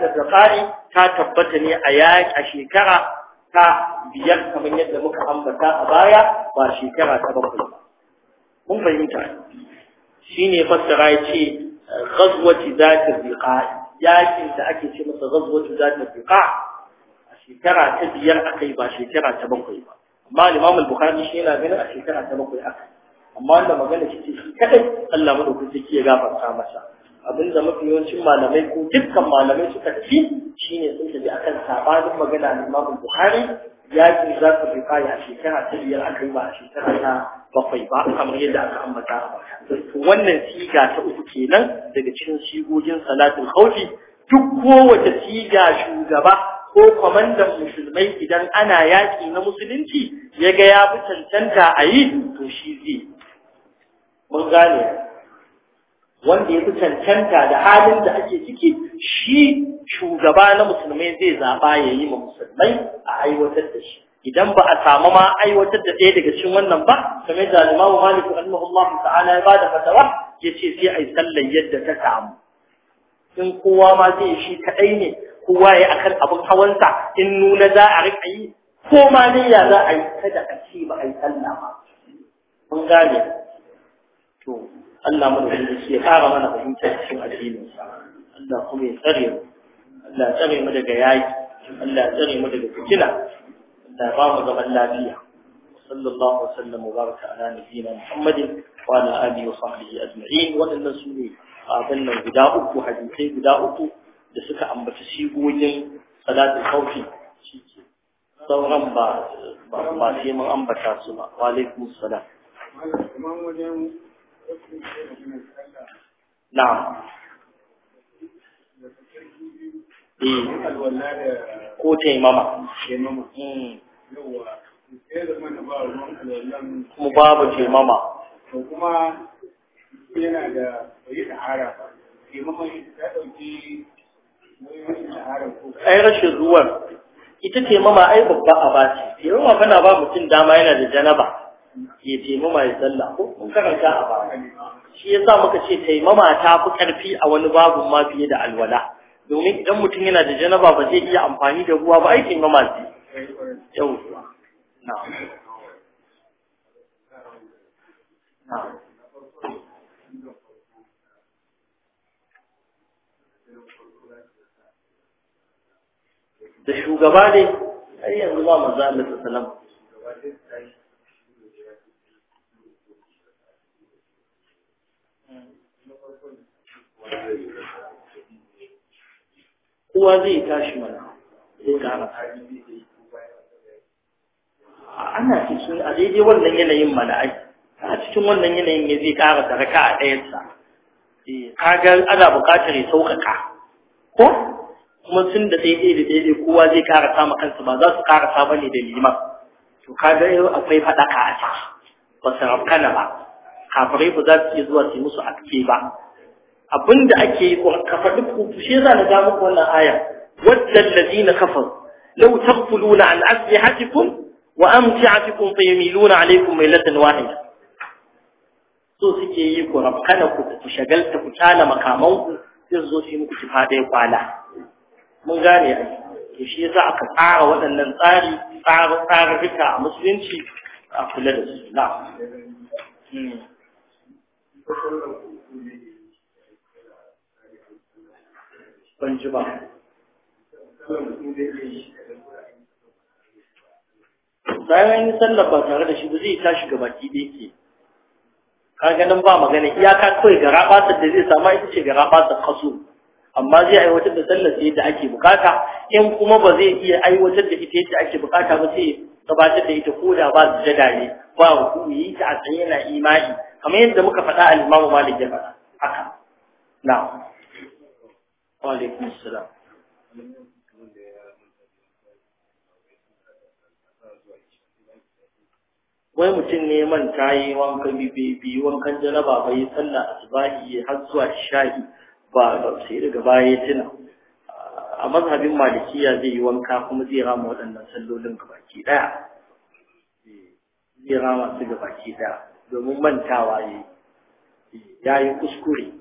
ta zakari ta tabbata ne a ya a shekara ta biyar kamar yadda muka ambata a baya ba shekara ta bakwai ba mun fahimta shine fassara ya ce gazwati ta zakari yakin da ake ce masa za ta zakari shekara ta biyar akai ba shekara ta bakwai ba amma Imam al-Bukhari shi yana ganin a shekara ta bakwai akai amma wanda magana shi ce shi kadai Allah madaukaki ya gafarta masa abinda mafi yawancin malamai ko dukkan malamai suka tafi shine sun tafi akan sabanin magana na Imam al-Bukhari yakin za ku bi kai a shekara ta biyar akai ba a shekara ta bakwai ba kamar yadda aka ambata to wannan siga ta uku kenan daga cikin sigogin salatul khawfi duk kowace siga shugaba ko kwamandan musulmai idan ana yaƙi na musulunci ya ga ya fi cancanta a yi to shi zai mun gane wanda ya fi cancanta da halin da ake ciki shi shugaba na musulmai zai zaɓa ya yi ma musulmai a aiwatar da shi idan ba a samu ma aiwatar da ɗaya daga cikin wannan ba kamar da limamu maliku annahullahu ta'ala ya da fatawa ce sai yi sallar yadda ta samu in kowa ma zai shi kaɗai ne kowa ya akan abin hawansa in nuna za a rika yi ko ma ne ya za a yi kada a ce ba a yi sallah ba mun gane to Allah mu da shi ya fara mana fahimtar cikin addinin Allah kuma ya tsare mu Allah tsare mu daga yaki Allah tsare mu daga fitina Allah ba mu zaman lafiya sallallahu alaihi wasallam baraka ala nabiyyina Muhammadin wa ala alihi wa sahbihi ajma'in wadannan sune abin nan guda uku hadisai guda uku da suka ambaci shigogin salatin khawfi sauran ba ba sai mun ambata su ba wa alaikum salam na'am eh. ko taimama hmm. kuma babu taimama kuma yana da bai da hara taimaman ya ɗauki ai rashin ruwan ita ce mama ai babba a baci ma kana ba mutum dama yana da janaba ya ce mama ya sallah ko kun karanta a baya shi yasa muka ce taimama ta fi karfi a wani babu ma fiye da alwala domin idan mutum yana da janaba ba zai iya amfani da ruwa ba aikin mama ce yau na'am na'am da shugaba ne har yanzu ba manzo Allah sallallahu alaihi wasallam kowa zai tashi mana zai kara ana cikin a daidai wannan yanayin mana a cikin wannan yanayin ne zai kara taraka a ɗayansa eh, kaga ana buƙatar ya sauƙaƙa ko kuma tun da sai ɗaya da ɗaya kowa zai karasa ma kansa ba za su karasa ba ne da liman to kaga akwai faɗaka a ciki ba su rafkana ba kafirai ba za su iya zuwa su musu aske ba da ake yi ka faɗi ku shi yasa na ga muku wannan aya wadda allazina kafaru law wa an aslihatikum wa amti'atikum fayamiluna alaykum maylatan wahida so suke yi ku rafkana ku ku shagalta ku tala makamanku zai zo su yi muku faɗa ya kwala mun gane ai to shi yasa aka tsara waɗannan tsari tsara tsara duka a musulunci a kula da su na hmm. ba bayan yi sallar ba tare da shi ba zai tashi ga baki da yake ka ganin ba magana iyaka kawai ga da zai sama ita ce ga rabasar kaso amma zai aiwatar da sallar sai yadda ake bukata in kuma ba zai iya aiwatar da ita yadda ake bukata ba sai gabatar da ita ko da ba su jada ne ba hukumi ta a tsaye yana imani kamar yadda muka faɗa al-Imam Malik ya faɗa haka na alaikum wai mutum ne manta yi wankan bibi wankan janaba bai sallah asubahi har zuwa shahi ba sai daga baya ya tuna a mazhabin malikiya zai yi wanka kuma zai rama waɗannan sallolin gabaki ɗaya zai rama su gabaki ɗaya domin mantawa ya ya yi kuskure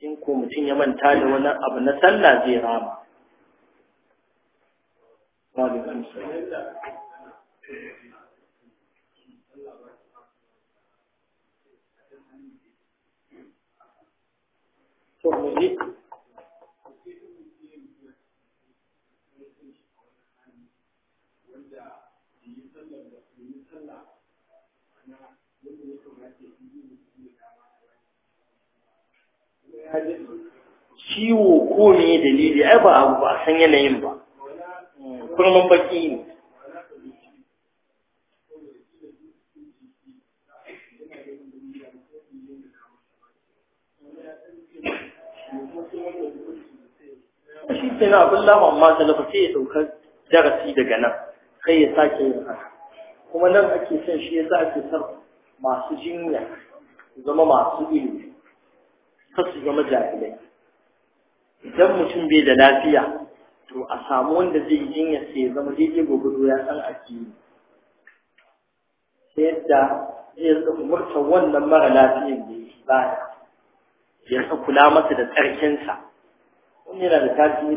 in ko mutum ya manta da wani abu na sallah zai rama to ciwo ko ne dalili ai ba abu ba san yanayin ba kurman baki ne shi ke na abin lama amma na sai ya saukar darasi daga nan kai ya sake yin haka kuma nan ake son shi ya sa sar masu jinya zama masu ilimi ta su zama jahilai idan mutum bai da lafiya to a samu wanda zai jinya sai ya zama daidai gobe ya san yi ta yadda zai rika umarta wannan mara lafiyan da ya baya ya kula masa da tsarkinsa wannan yana da tasiri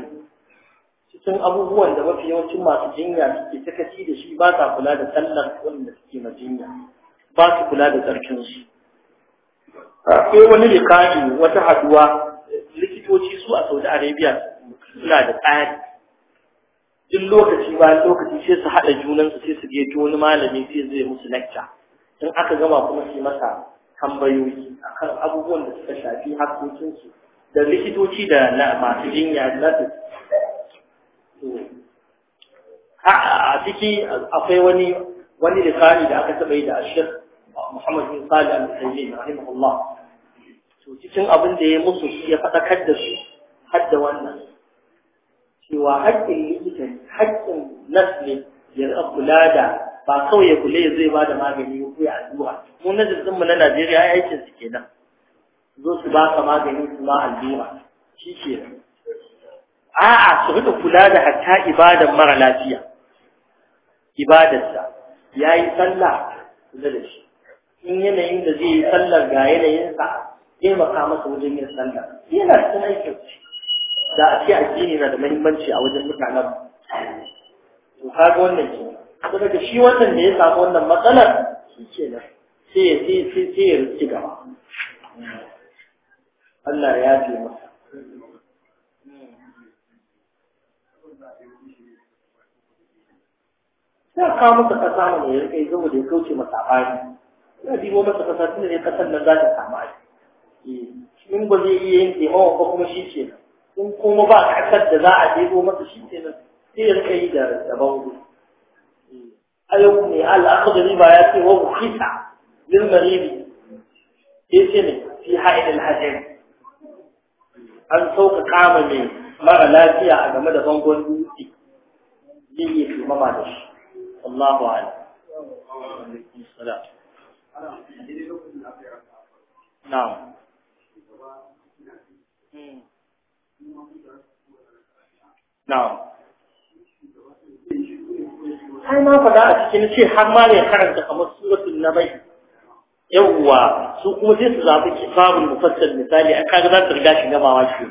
cikin abubuwan da mafi yawancin masu jinya suke takaci da shi ba sa kula da sallar wanda suke na jinya ba su kula da tsarkinsu akwai wani rikadi wata haduwa likitoci su a saudi arabia suna da tsari duk lokaci bayan lokaci sai su haɗa junansu sai su geto wani malami sai zai musu lecture in aka gama kuma sai masa tambayoyi akan abubuwan da suka shafi su da likitoci da masu jinya za su a ciki akwai wani wani lisani da aka taɓa yi da ashir Muhammad bin Salih al-Sayyid rahimahullah to cikin abin da ya musu ya faɗakar da su har da wannan cewa haƙƙin likita haƙƙin nasli ya kula da ba kawai ya kula ya zai ba da magani ko ya addu'a mu nazarin mu na Najeriya ai aikin su kenan zo su ba ka maganin su ma allura shi ke a'a su rika kula da hatta ibadan mara lafiya ibadarsa ya yi sallah kula da shi in yanayin da zai yi sallar ga yanayinsa taimaka masa wajen yin sallar. yana cikin aikin da a ce addini na da muhimmanci a wajen mutanen to kaga wannan ke ko daga shi wannan da ya samu wannan matsalar shi ke nan sai ya sai sai ya gaba Allah ya ce masa sai kawo masa ƙasa mai ya rikai zama da ya kauce masa bani ya dibo masa ƙasa tun da ƙasar nan za ta samu aji eh, in ba zai iya yin taimakon ba kuma shi ce in kuma ba ƙasar da za a dibo masa shi ce nan sai ya rikai da da bango eh, ayyuku ne al'akhdari ba ya ce wa khita lil maribi ce ne fi ha'idin hajar an sauka kama ne mara lafiya a game da bangon dutse zai iya tumama da shi Allahu a'lam na'am na'am har ma faɗa a cikin ce har ma ne karanta kamar suratul bai yawwa su kuma sai su zaɓi kitabun mufassal misali an kaga za riga shi gabawa shi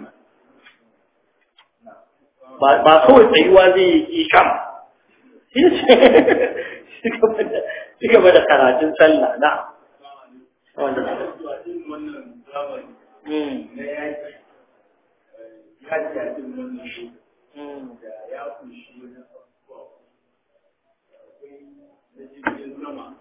ba kawai tsayuwa zai yi kam shi gaba da karatun sallah na wannan na hmm. jirgin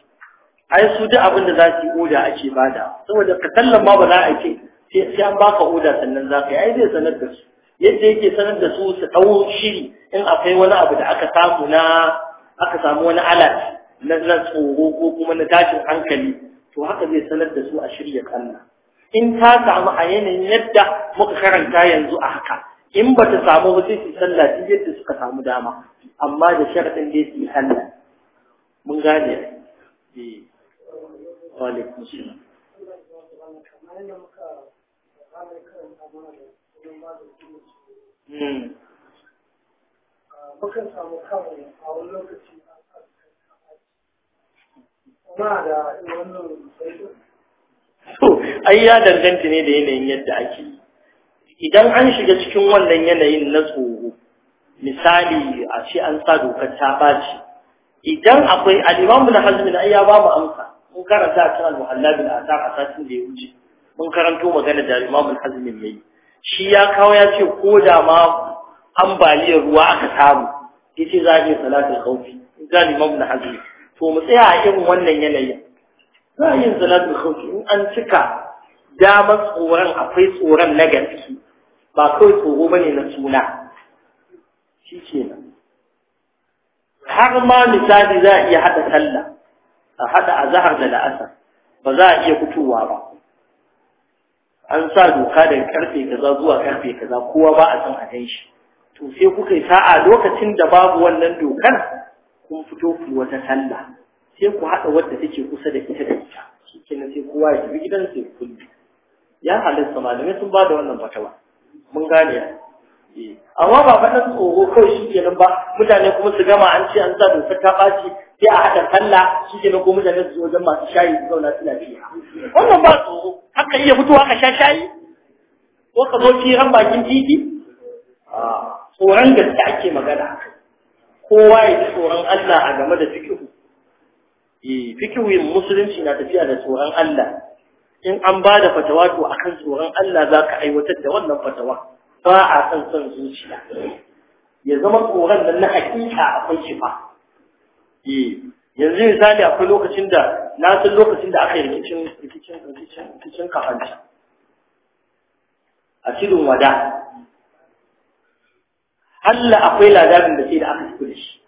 ai su duk abin da zasu yi oda ake bada saboda ka tallan ma ba za a ce sai an baka oda sannan za ka yi ai zai sanar da su yadda yake sanar da su su ɗau shiri in akwai wani abu da aka samu na aka samu wani alat na na tsoro ko kuma na tashin hankali to haka zai sanar da su a shirya kanna in ta samu a yanayin yadda muka karanta yanzu a haka in ba ta samu ba sai su sallah yadda suka samu dama amma da sharadin da yake hannu mun gane eh Walaikun salam. Hmm. Mukan samu kawai a wani lokaci a Muna da wannan So, ai ya danganta ne da yanayin yadda ake yi. Idan an shiga cikin wannan yanayin na tsoro, misali a ce an sa dokar ta ɓaci, idan akwai al'imam bin hazmin ai ya ba mu amsa mun karanta a cikin al-muhalla bil asar a satin da ya wuce mun karanto magana da Imam al-Hazm yayi shi ya kawo ya ce ko da ma ambaliyar ruwa aka samu yace za a yi salatul khawfi in ga Imam al-Hazm to mu tsaya a irin wannan yanayin za a yi salatul khawfi in an cika damar tsoron akwai tsoron na gaske ba kawai tsoro bane na suna shi kenan har ma misali za a iya haɗa sallah a hada a zahar da la'asa ba za a iya fitowa ba an sa doka da karfe kaza zuwa karfe kaza kowa ba a san a gan shi to sai kuka yi sa'a lokacin da babu wannan dokar kun fito ku wata sallah sai ku haɗa wadda take kusa da ita da ita shi kenan sai kowa ya tafi gidan sai kullu ya halitta malamai sun ba da wannan fatawa mun gane eh, amma ba faɗin tsoro kawai shi kenan ba mutane kuma su gama an ce an sa doka ta ɓaci sai a haɗa sallah shi ke ko mutane su wajen masu shayi su zauna suna biya wannan ba tsoro haka iya fitowa ka sha shayi ko ka zo firan bakin titi tsoron gaske ake magana kowa ya ji tsoron Allah a game da fikihu eh fikihuin musulunci na tafiya da tsoron Allah in an ba da fatawa to akan tsoron Allah za ka aiwatar da wannan fatawa ba a san son zuciya ya zama tsoron nan na hakika akwai shi Eh, yanzu misali akwai lokacin da na san lokacin da aka yi rikicin rikicin rikicin rikicin kafanci a cikin wada halla akwai ladarin da sai da aka tafi da shi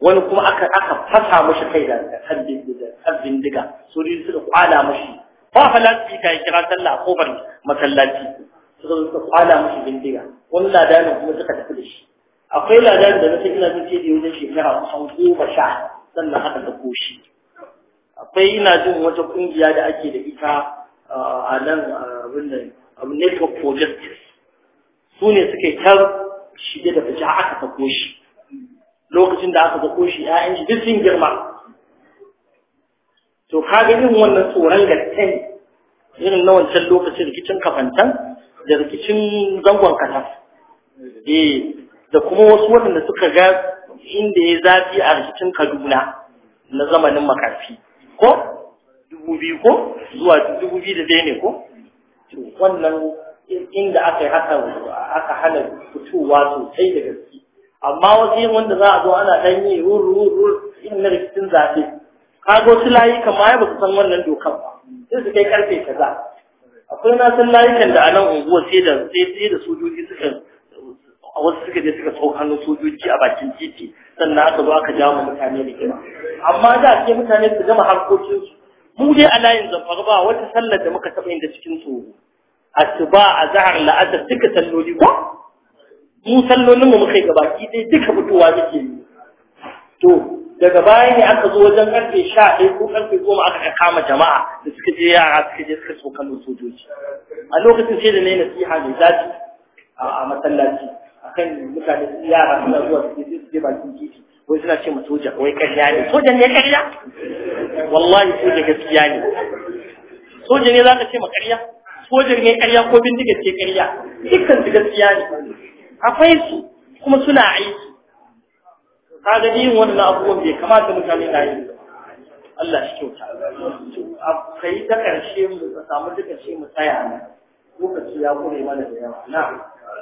wani kuma aka aka fasa mashi kai da haddin da haddin diga so dai suka kwala mashi ba falati ta kira sallah ko bar masallaci suka suka kwala mashi bindiga wani ladarin kuma suka tafi da shi akwai ladan da na san ina jin sai wajen shekara kusan goma sha sannan haka da koshi akwai ina jin wata kungiya da ake da ita a nan abin da network for justice su ne suka tar shige da fita aka ta koshi lokacin da aka sako koshi ya'yan shi duk sun girma to kaga irin wannan tsoron gaske irin na wancan lokacin rikicin kafantan da rikicin zangon kasa eh da kuma wasu waɗanda suka ga inda ya zafi a rikicin Kaduna na zamanin makarfi ko dubu biyu ko zuwa dubu biyu da ɗaya ne ko wannan inda aka yi haka aka hana fitowa sosai da gaske amma wasu yin wanda za a zo ana ɗan yi ruru in na rikicin zafi kago su layi kamar ya ba su san wannan dokar ba sai su kai karfe kaza akwai na san layukan da a nan unguwa sai da sai da sojoji suka a wasu suka je suka sau hannun sojoji a bakin titi sannan aka zo aka jawo mutane da kima amma da ke mutane su gama harkokinsu mu dai a layin zamfara ba wata sallar da muka taɓa inda cikin tsoro asuba a zahar la'adar duka salloli ko mu sallolin mu muka yi gabaki dai duka fitowa muke yi to daga baya ne aka zo wajen karfe sha ɗaya ko karfe goma aka kama jama'a da suka je yara suka je suka so hannun sojoji a lokacin sai da na yi nasiha mai zafi a masallaci akan mutane yara suna zuwa su je su je bakin titi wai suna ce ma soja wai karya ne soja ne karya wallahi soja gaskiya ne soja ne zaka ce ma karya soja ne karya ko bindiga ce karya dukkan su gaskiya ne akwai su kuma suna aiki ga yin wannan abubuwan bai kamata mutane na yi Allah shi kyauta kai ta karshe mu samu duka shi mu tsaya lokaci ya kure mana da yawa na'am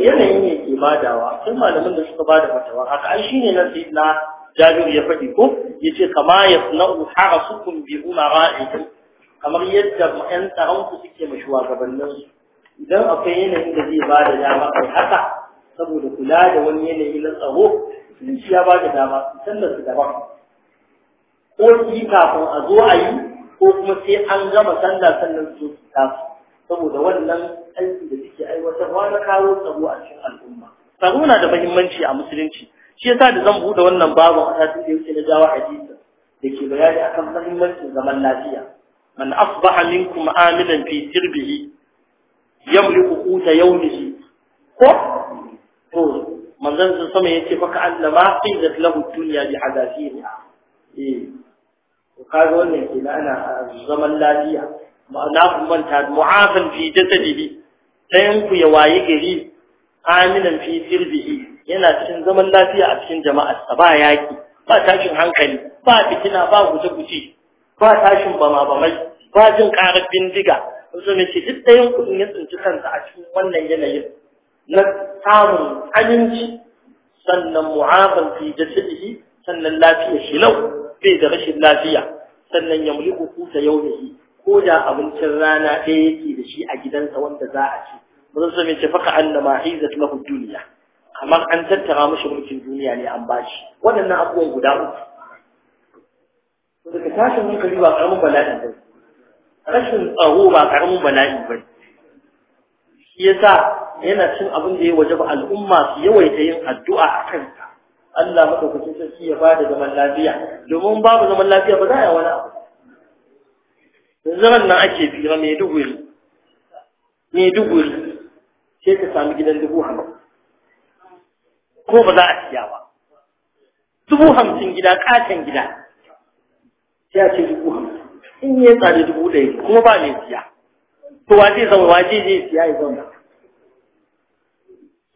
yanayin ne ke badawa sun malamin da suka bada fatawa haka An shine na sai na jabir ya faɗi ko yace kama yasna'u harasukum bi umara'ikum kamar yadda ƴan tsaron ku suke ma shugabannin su idan akwai yanayin da zai bada dama kai haka saboda kula da wani yanayi na tsaro sun ya bada dama sannan su daban ko su kafin a zo a yi ko kuma sai an gama sallah sannan su tafi saboda wannan aiki da suke aiwatarwa na kawo tsaro a cikin al'umma tsaro na da muhimmanci a musulunci shi yasa da zan bude wannan babu a satin da yake na jawo hadisi da ke bayani akan muhimmancin zaman lafiya man asbaha minkum aminan fi sirbihi yamliku quta yawmihi ko to manzon sun sama yace fa ka'allama qidat lahu dunya bi hadasiha eh to kaga wannan kila ana zaman lafiya na manta mu'afan fi jasadihi sayan ku ya waye gari aminan fi sirbihi yana cikin zaman lafiya a cikin jama'a, sa ba yaki ba tashin hankali ba fitina ba guje-guje ba tashin bama-bamai ba jin karar bindiga sun ne ce duk ɗayan in ya tsinci kansa a cikin wannan yanayin na samun aminci sannan mu'afan fi jasadihi sannan lafiya shi lau bai da rashin lafiya sannan ya mulku kuta yaumihi ko da abincin rana ɗaya yake da shi a gidansa wanda za a ci mun san me ce faka annama hizat lahu duniya kamar an tattara mashi mulkin duniya ne an bashi waɗannan abubuwan guda uku daga tashin hankali ba karamin bala'i ba rashin tsaro ba karamin bala'i ba shi yasa yana cin abin da ya waje ba al'umma su yawaita yin addu'a a kanta. Allah maɗaukacin sarki ya bada zaman lafiya domin babu zaman lafiya ba za a yi wani abu yanzu ran nan ake fira mai duguri mai duguri sai ka sami gidan dubu hamsin ko ba za a siya ba dubu hamsin gida katon gida sai a ce dubu hamsin in yi tsari dubu ɗaya kuma ba mai siya to wa zai zama waje zai siya ya zama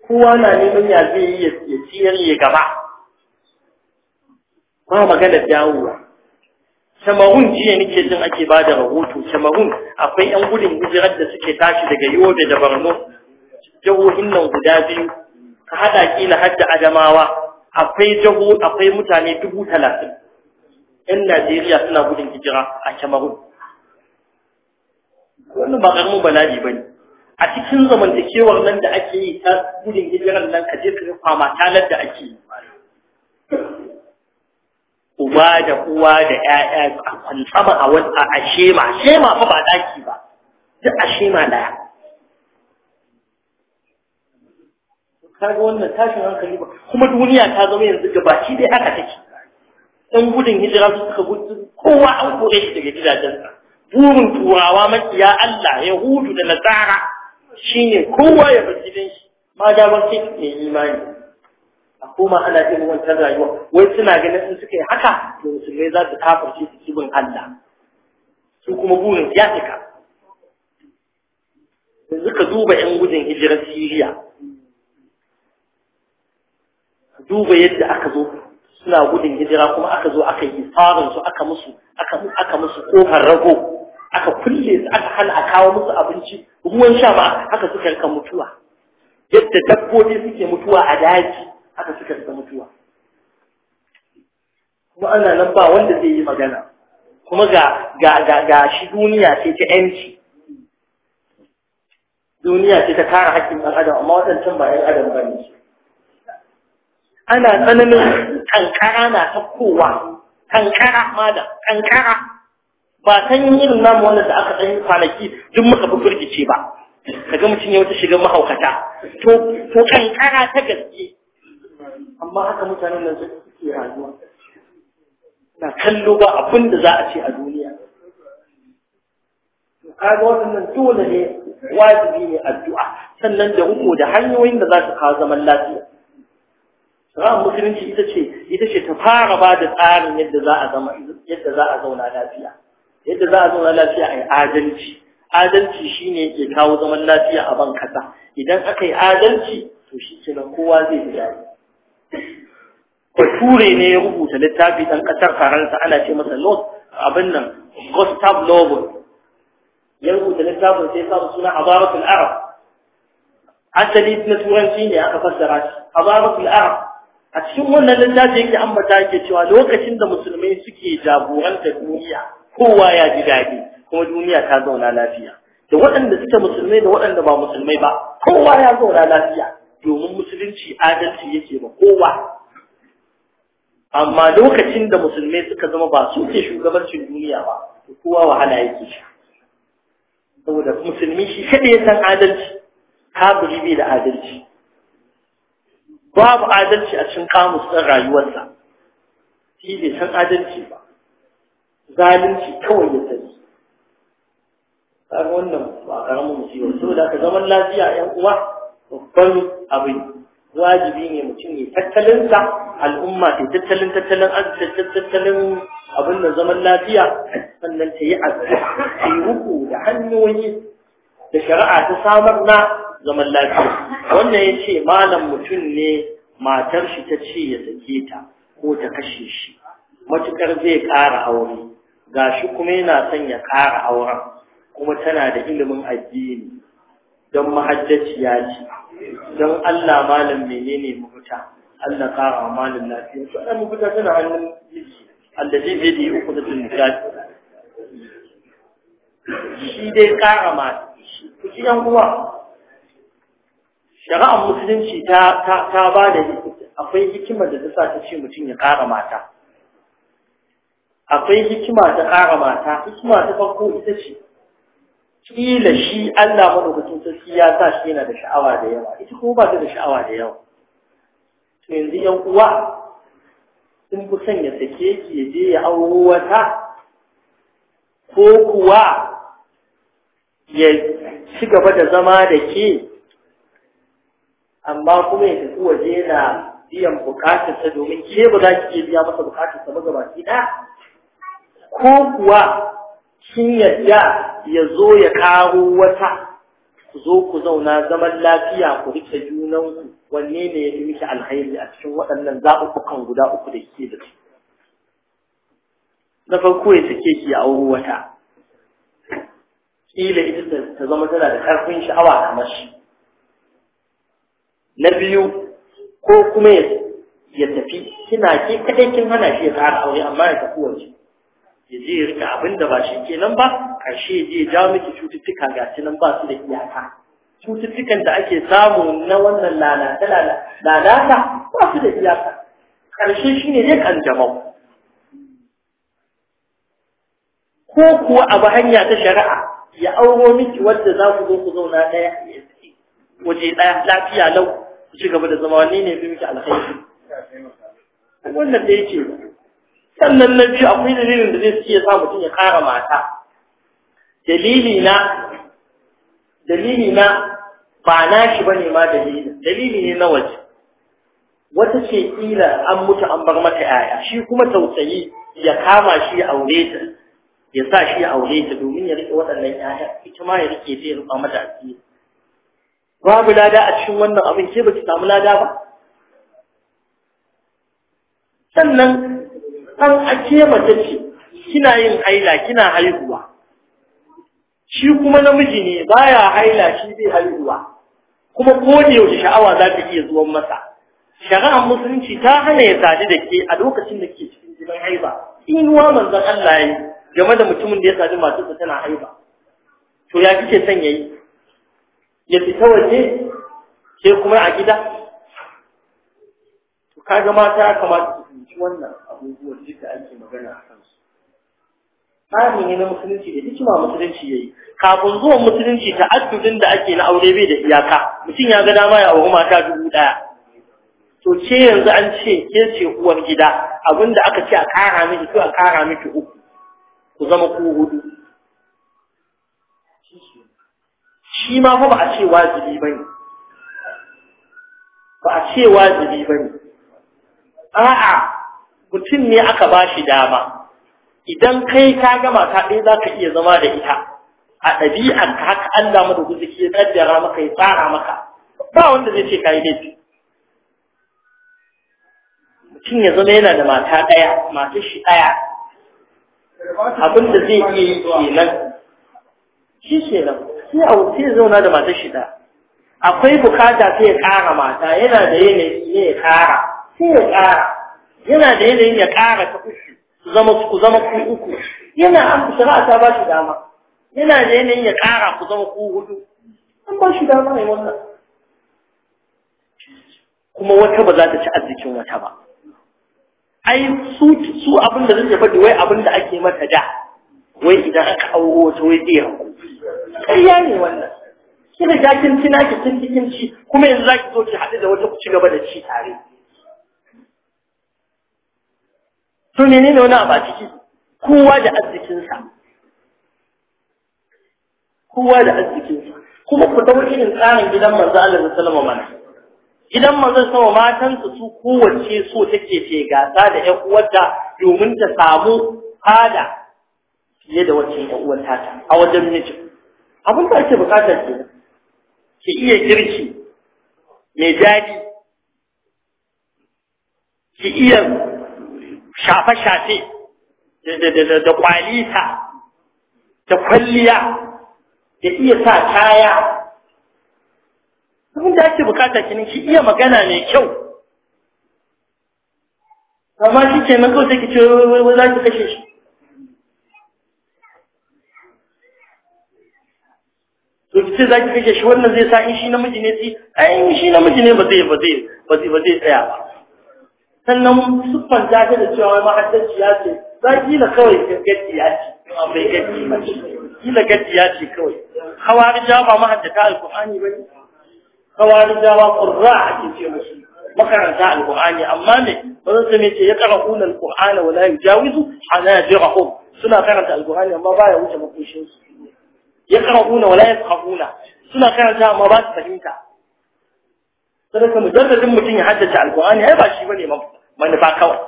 kowa na neman ya zai yi ya siyar ya gaba ba magana dawowa shi jiya nake jin ake ba da rahoto tamarun akwai yan gudun hijirar da suke tashi daga yobe da borno jihohin nan guda biyu ka haɗa kila na adamawa akwai jaho akwai mutane dubu talatin yan najeriya suna gudun hijira a tamarun wannan ba karamin bala'i ba ne a cikin zamantakewar nan da ake yi ta gudun hijirar nan ka je ka kwama talar da ake yi uba da uwa da ƴaƴa a kwantsama a wani a shema shema fa ba daki ba duk a daya kaga wannan tashin hankali ba kuma duniya ta zama yanzu baki dai aka take ɗan gudun hijira su suka gudu kowa an kore shi daga gidajen sa, burin turawa makiya Allah yahudu da nasara shine kowa ya bar gidan shi ma da ban sai imani a koma ana irin wancan rayuwa wai suna ganin in suka yi haka to musulmai za su kafarci su ci bin Allah su kuma burin ya fika yanzu ka duba 'yan gudun hijirar Siriya duba yadda aka zo suna gudun hijira kuma aka zo aka yi tsarin su aka musu aka musu kofar rago aka kulle su aka hana a kawo musu abinci ruwan sha ma haka suka rika mutuwa yadda dabbobi suke mutuwa a daji aka suka da mutuwa kuma ana nan ba wanda zai yi magana kuma ga shi duniya ce ta yanci duniya ce ta kare haƙƙin ɗan adam amma waɗancan ba ɗan adam ba ne ana tsananin ƙanƙara na sakkowa kankara malam kankara ba san irin namu wanda da aka ɗan kwanaki duk muka fi firgice ba kaga mutum ya wata shiga mahaukata to ƙanƙara ta gaske amma haka mutanen nan suke rayuwa na kallo ba abin da za a ce a duniya kaga wannan dole ne wajibi ne addu'a sannan da uku da hanyoyin da za su kawo zaman lafiya Ra'an musulunci ita ce ita ce ta fara ba da tsarin yadda za a zama yadda za a zauna lafiya yadda za a zauna lafiya ai adalci adalci shine yake kawo zaman lafiya a ban kasa idan aka yi adalci to shi kenan kowa zai ji dadi bature ne ya rubuta littafi ɗan ƙasar faransa ana ce masa lord abin nan gustav nobel ya rubuta littafin sai sa suna abaratul arab asali na turanci ne aka fassara shi abaratul arab a cikin wannan littafi yake ambata yake cewa lokacin da musulmai suke jagoranta duniya kowa ya ji daɗi kuma duniya ta zauna lafiya da waɗanda suke musulmai da waɗanda ba musulmai ba kowa ya zauna lafiya domin musulunci adalci yake ba kowa amma lokacin da musulmai suka zama ba su ke shugabancin duniya ba to kowa wahala yake sha saboda musulmi shi kaɗai ya san adalci kafiri bai da adalci babu adalci a cikin kamus ɗin rayuwarsa shi bai san adalci ba zalunci kawai ya sani kaga wannan ba karamin musulmi saboda ka zaman lafiya 'yan uwa babban abin wajibi ne mutum ya tattalinsa al'umma ta tattalin tattalin tattalin abin da zaman lafiya sannan ta yi ta yi uku da hanyoyi da shari'a ta samar na zaman lafiya wannan ya ce malam mutum ne matar shi ta ce ya sake ta ko ta kashe shi matukar zai ƙara aure gashi kuma yana son ya ƙara auren kuma tana da ilimin addini don mahajjaciya ce don Allah malam menene mafuta Allah wa malam lafiya to ana mafuta tana hannun miji Allah zai bai da yi uku da tuntuta shi dai kara ma ku ci yan kuwa shari'ar musulunci ta ta ba da akwai hikima da ta sa ta ce mutum ya kara mata akwai hikima ta kara mata hikima ta farko ita ce kila shi Allah madaukakin sarki ya sa shi yana da sha'awa da yawa ita kuma ba ta da sha'awa da yawa to yanzu yan uwa sun fi son ya sake ki ya je ya auro wata ko kuwa ya ci gaba da zama da ke amma kuma ya tafi waje yana biyan bukatarsa domin ke ba za ki iya biya masa bukatarsa ba gaba ɗaya ko kuwa kin yadda ya zo ya karo wata ku zo ku zauna zaman lafiya ku rike junanku wanne ne ya fi miki alhairi a cikin waɗannan zaɓuɓɓukan guda uku da ke da su na farko ya sake ki a wuri wata ƙila ita ta zama tana da ƙarfin sha'awa kamar shi na biyu ko kuma ya tafi kina ke kadai kin hana shi ya tsara aure amma ya tafi waje ya je ya rika abin ba shi kenan ba ƙarshe zai ja miki cututtuka ga nan ba su da iyaka cututtukan da ake samu na wannan lalata lalata ba su da iyaka ƙarshe shi ne kanjamau ko kuwa abu hanya ta shari'a ya auro miki wadda za ku zo ku zauna ɗaya waje ɗaya lafiya lau ku ci gaba da zama wani ne fi miki alkhairi wannan da yake sannan na biyu akwai dalilin da zai iya sa mutum ya ƙara mata dalili na dalili na ba na shi ne ma dalili dalili ne na waje wata ce ila an mutu an bar mata yaya shi kuma tausayi ya kama shi ya aure ta ya sa shi ya aure ta domin ya rike waɗannan yaya ita ma ya rike ta ya rufa mata asiri babu lada a cikin wannan abin ke baki samu lada ba sannan an ake mace ce kina yin aila kina haihuwa shi kuma namiji ne baya haila shi zai haihuwa kuma ko da yaushe sha'awa za ta iya zuwan masa shari'ar musulunci ta hana ya sadu da ke a lokacin da ke cikin jinin haiba wa manzan Allah yi game da mutumin da ya sadu masu da tana haiba to ya kike son yayi ya fita waje ke kuma a gida to kaga mata kamata su fahimci wannan abubuwan duka ake magana a tsari ne na musulunci da hikima musulunci ya yi. kafin zuwan musulunci ta addudin da ake na aure bai da iyaka mutum ya ga dama ya auri mata dubu daya to ce yanzu an ce ke ce uwar gida abinda aka ce a kara miki to a kara miki uku ku zama ku hudu shi ma fa ba a ce wajibi ne ba a ce wajibi bane a'a mutum ne aka ba shi dama idan kai ka gama ka ɗaya za ka iya zama da ita a ɗabi'ar ka haka Allah mu da guzu ke tsaddara maka ya tsara maka ba wanda zai ce kai laifi mutum ya zama yana da mata ɗaya mata shi ɗaya Abinda zai iya yi kenan shi nan sai a wuce ya zauna da mata shi ɗaya akwai bukata sai ya ƙara mata yana da yanayi ne ya ƙara sai ya ƙara yana da yanayin ya ƙara ta uku zama ku zama ku uku yana an shari'a ta ba shi dama yana da yanayin ya ƙara ku zama ku hudu an ba shi dama ne wannan kuma wata ba za ta ci arzikin wata ba ai su su abin da zai faɗi wai abin da ake mata da wai idan aka auro wata wai zai hanku ƙarya ne wannan kina jakin tina ki kin ci kuma yanzu zaki zo ki haɗu da wata ku ci gaba da ci tare to menene wani abu a ciki kowa da arzikinsa kowa da arzikinsa kuma ku dawo irin tsarin gidan manzo Allah sallallahu alaihi mana gidan manzo sama matansa su kowace so take ce gasa da ƴan uwarta domin ta samu fada fiye da wacce ƴan uwarta ta a wajen miji abin da ake bukata ke ki iya girki mai daɗi ki iya shafe-shafe da kwalita da kwalliya da iya sa kaya abin da ake bukata kinin shi iya magana mai kyau amma shi ke nan kawai take cewa wai za ki kashe shi to ki ce za ki kashe shi wannan zai sa in shi namiji ne sai ai in shi namiji ne ba zai ba zai ba zai tsaya ba sannan siffan ta da cewa mahaddaciya ce za ki kila kawai gaddiya ce bai gaddi ba kila gaddiya ce kawai hawari jawa mahaddata alkur'ani ba ne hawari jawa qurra ake ce musu makaranta alkur'ani amma ne ba zan sani ce ya qara'una alkur'ana wala yujawizu hanajirahum suna karanta alkur'ani amma ba ya wuce makoshin su ya qara'una wala yafqahuna suna karanta amma ba su fahimta sadaka mujarradin mutum ya haddace alkur'ani ai ba shi bane mafi manufa kawai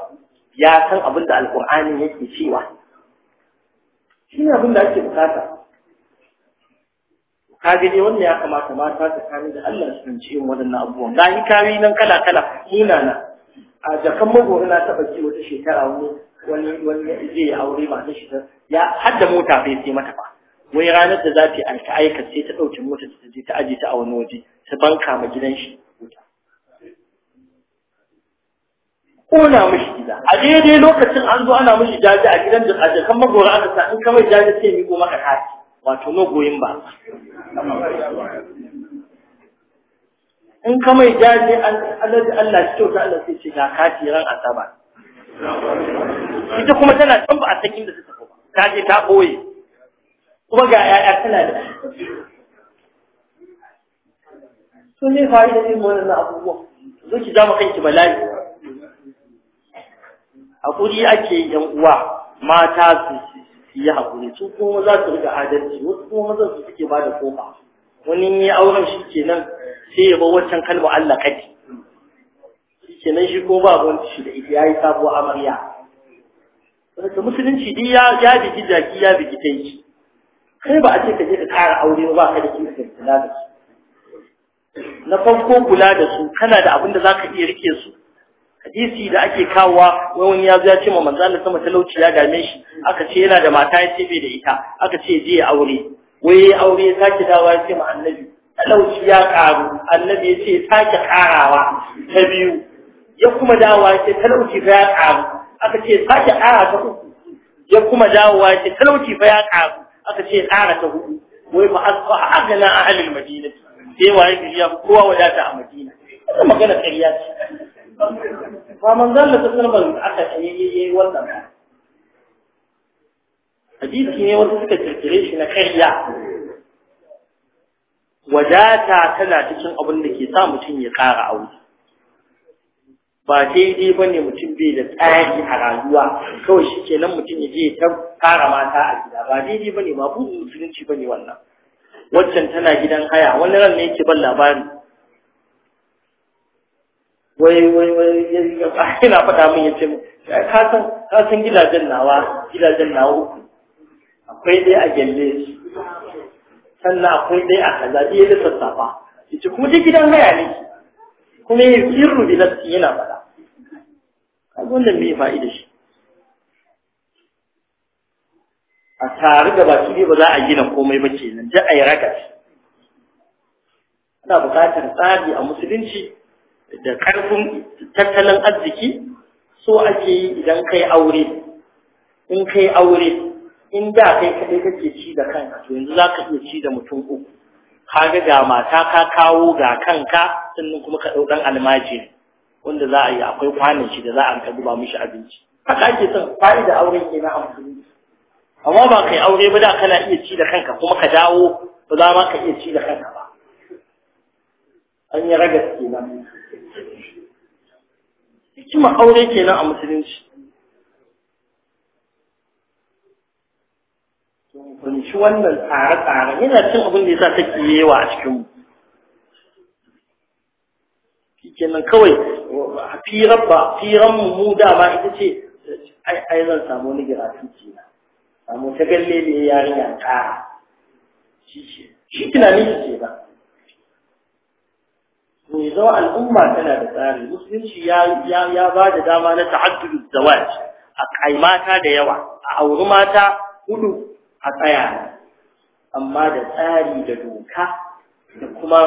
ya san abin da alkur'ani yake cewa shi ne abin da ake bukata ka gani wannan ya kamata mata ta kani da Allah su kanci yin waɗannan abubuwan ga kawai nan kala kala na a jakan magori na taɓa ci wata shekara wani wani wani zai aure masu shi ya hadda mota bai sai mata ba wai ranar da za ta yi aika sai ta ɗauki mota ta je ta aje ta a wani waje ta banka ma gidan shi kona mishi gida a daidai lokacin an zo ana mishi jaji a gidan da aje kan magora aka sa in kamar jaji sai miko maka kati wato magoyin ba in kamar jaji an alaji Allah shi kyauta Allah sai ce ga kati ran asaba ita kuma tana can a sakin da ta tafi ba ta je ta boye kuma ga yaya tana da sun ne fa'ida irin wannan abubuwa zo ki ja kanki bala'i hakuri ake yi ‘yan uwa mata su yi hakuri su kuma za su riga adalci wasu kuma mazan su suke ba da koma wani ne auren shi ke nan, sai ya bar wancan kalma Allah kadi shi nan shi ko ba wani shi da ita ya yi sabuwar amarya saboda musulunci dai ya ya jaki ya bigi yi kai ba a ce ka je ka ƙara aure ba ka da kinsa kula da su na farko kula da su kana da abin da za ka iya rike su hadisi da ake kawowa wai wani ya zo ya ce ma manzo Allah sama talauci ya game shi aka ce yana da mata ya ce bai da ita aka ce je ya aure wai ya aure ya sake dawa ya ce ma annabi talauci ya karu annabi ya ce sake karawa ta biyu ya kuma dawa ya ce talauci fa ya karu aka ce sake kara ta uku ya kuma dawa ya ce talauci fa ya karu aka ce kara ta hudu wai ma asfa agna ahli madina sai waye gari ya kowa wadata a madina magana ƙarya ce ba manzon ta tsarin ban aka yayi wannan hadisi ne wanda suka kirkire shi na kariya. wadata tana cikin abin da ke sa mutum ya ƙara aure ba dai-dai ba ne mutum bai da tsari a rayuwa kawai shi ke nan mutum ya je ta ƙara mata a gida ba dai-dai ba ne ba buɗe musulunci ba ne wannan waccan tana gidan haya wani ran ne yake ban labari wai wai wai yana faɗa min ya ce mu ka san ka san gidajen nawa gidajen nawa uku akwai dai a gelle sannan akwai dai a kaza dai da sassafa yace kuma dai gidan haya ne kuma ya sirru na nafsi yana faɗa kaga wannan mai fa'ida shi a tare da baki ne ba za a gina komai ba kenan da a yi ana buƙatar tsari a musulunci da ƙarfin tattalin arziki so ake yi idan kai aure in kai aure in da kai kaɗai kake ci da kanka to yanzu za ka iya ci da mutum uku kaga ga mata ka kawo ga kanka sannan kuma ka ɗaukan almaji almajiri wanda za a yi akwai kwanan shi da za a ka duba mishi abinci haka ake son fa'ida aure ke na amfani amma ba kai aure ba da kana iya ci da kanka kuma ka dawo ba za ma ka iya ci da kanka ba an yi ragas kenan hikima aure kenan a musulunci Kunshi wannan tsare-tsare yana cin abin da ya sa take yawa a cikinmu. mu kenan kawai a firan ba firan mu mu dama ita ce ai ai zan samu wani girafiki na samu ta galle da yarinya ƙara shi ke shi tunani ce ba Mai zama al'umma tana da tsari musulunci ya ba da dama na ta'addudu zawaj a kai mata da yawa a auri mata hudu a tsaya amma da tsari da doka da kuma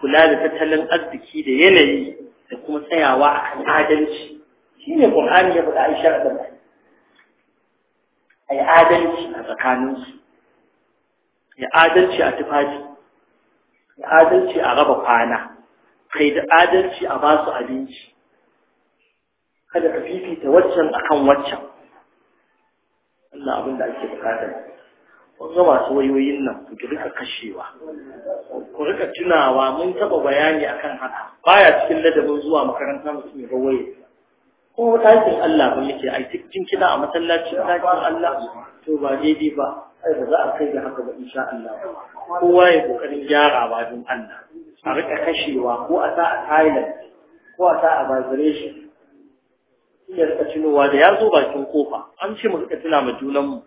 kula da tattalin arziki da yanayi da kuma tsayawa a kan adalci shine qur'ani ya faɗa aisha da ai adalci a tsakaninsu ya adalci a tufafi ya adalci a raba kwana kai da adalci a ba su abinci kada ka fifita waccan a kan waccan Wannan abin da ake bukata kun ga masu wayoyin nan ku rika kashewa ku rika tunawa mun taba bayani akan haka baya cikin ladabin zuwa makaranta mutum ya bawaye ko ɗakin Allah ba muke ai cikin kina a masallacin ɗakin Allah to ba daidai ba ai ba za a kai da haka ba in sha Allah kowa ya kokarin gyara ba don Allah a rika kashewa ko a sa a Thailand ko a sa a vibration ya rika cinowa da ya zo bakin kofa an ce mu rika tuna ma junanmu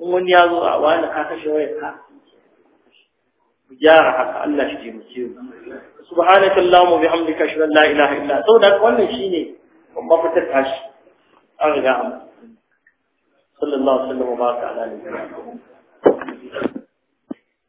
in wani ya zo a wani ka kashe wayar ka mu gyara haka Allah shi taimake mu subhanaka allahumma bihamdika ashhadu an la ilaha illa anta saboda wannan shine babban fitar tashi an riga amma sallallahu alaihi wa sallam wa baraka ala nabiyyina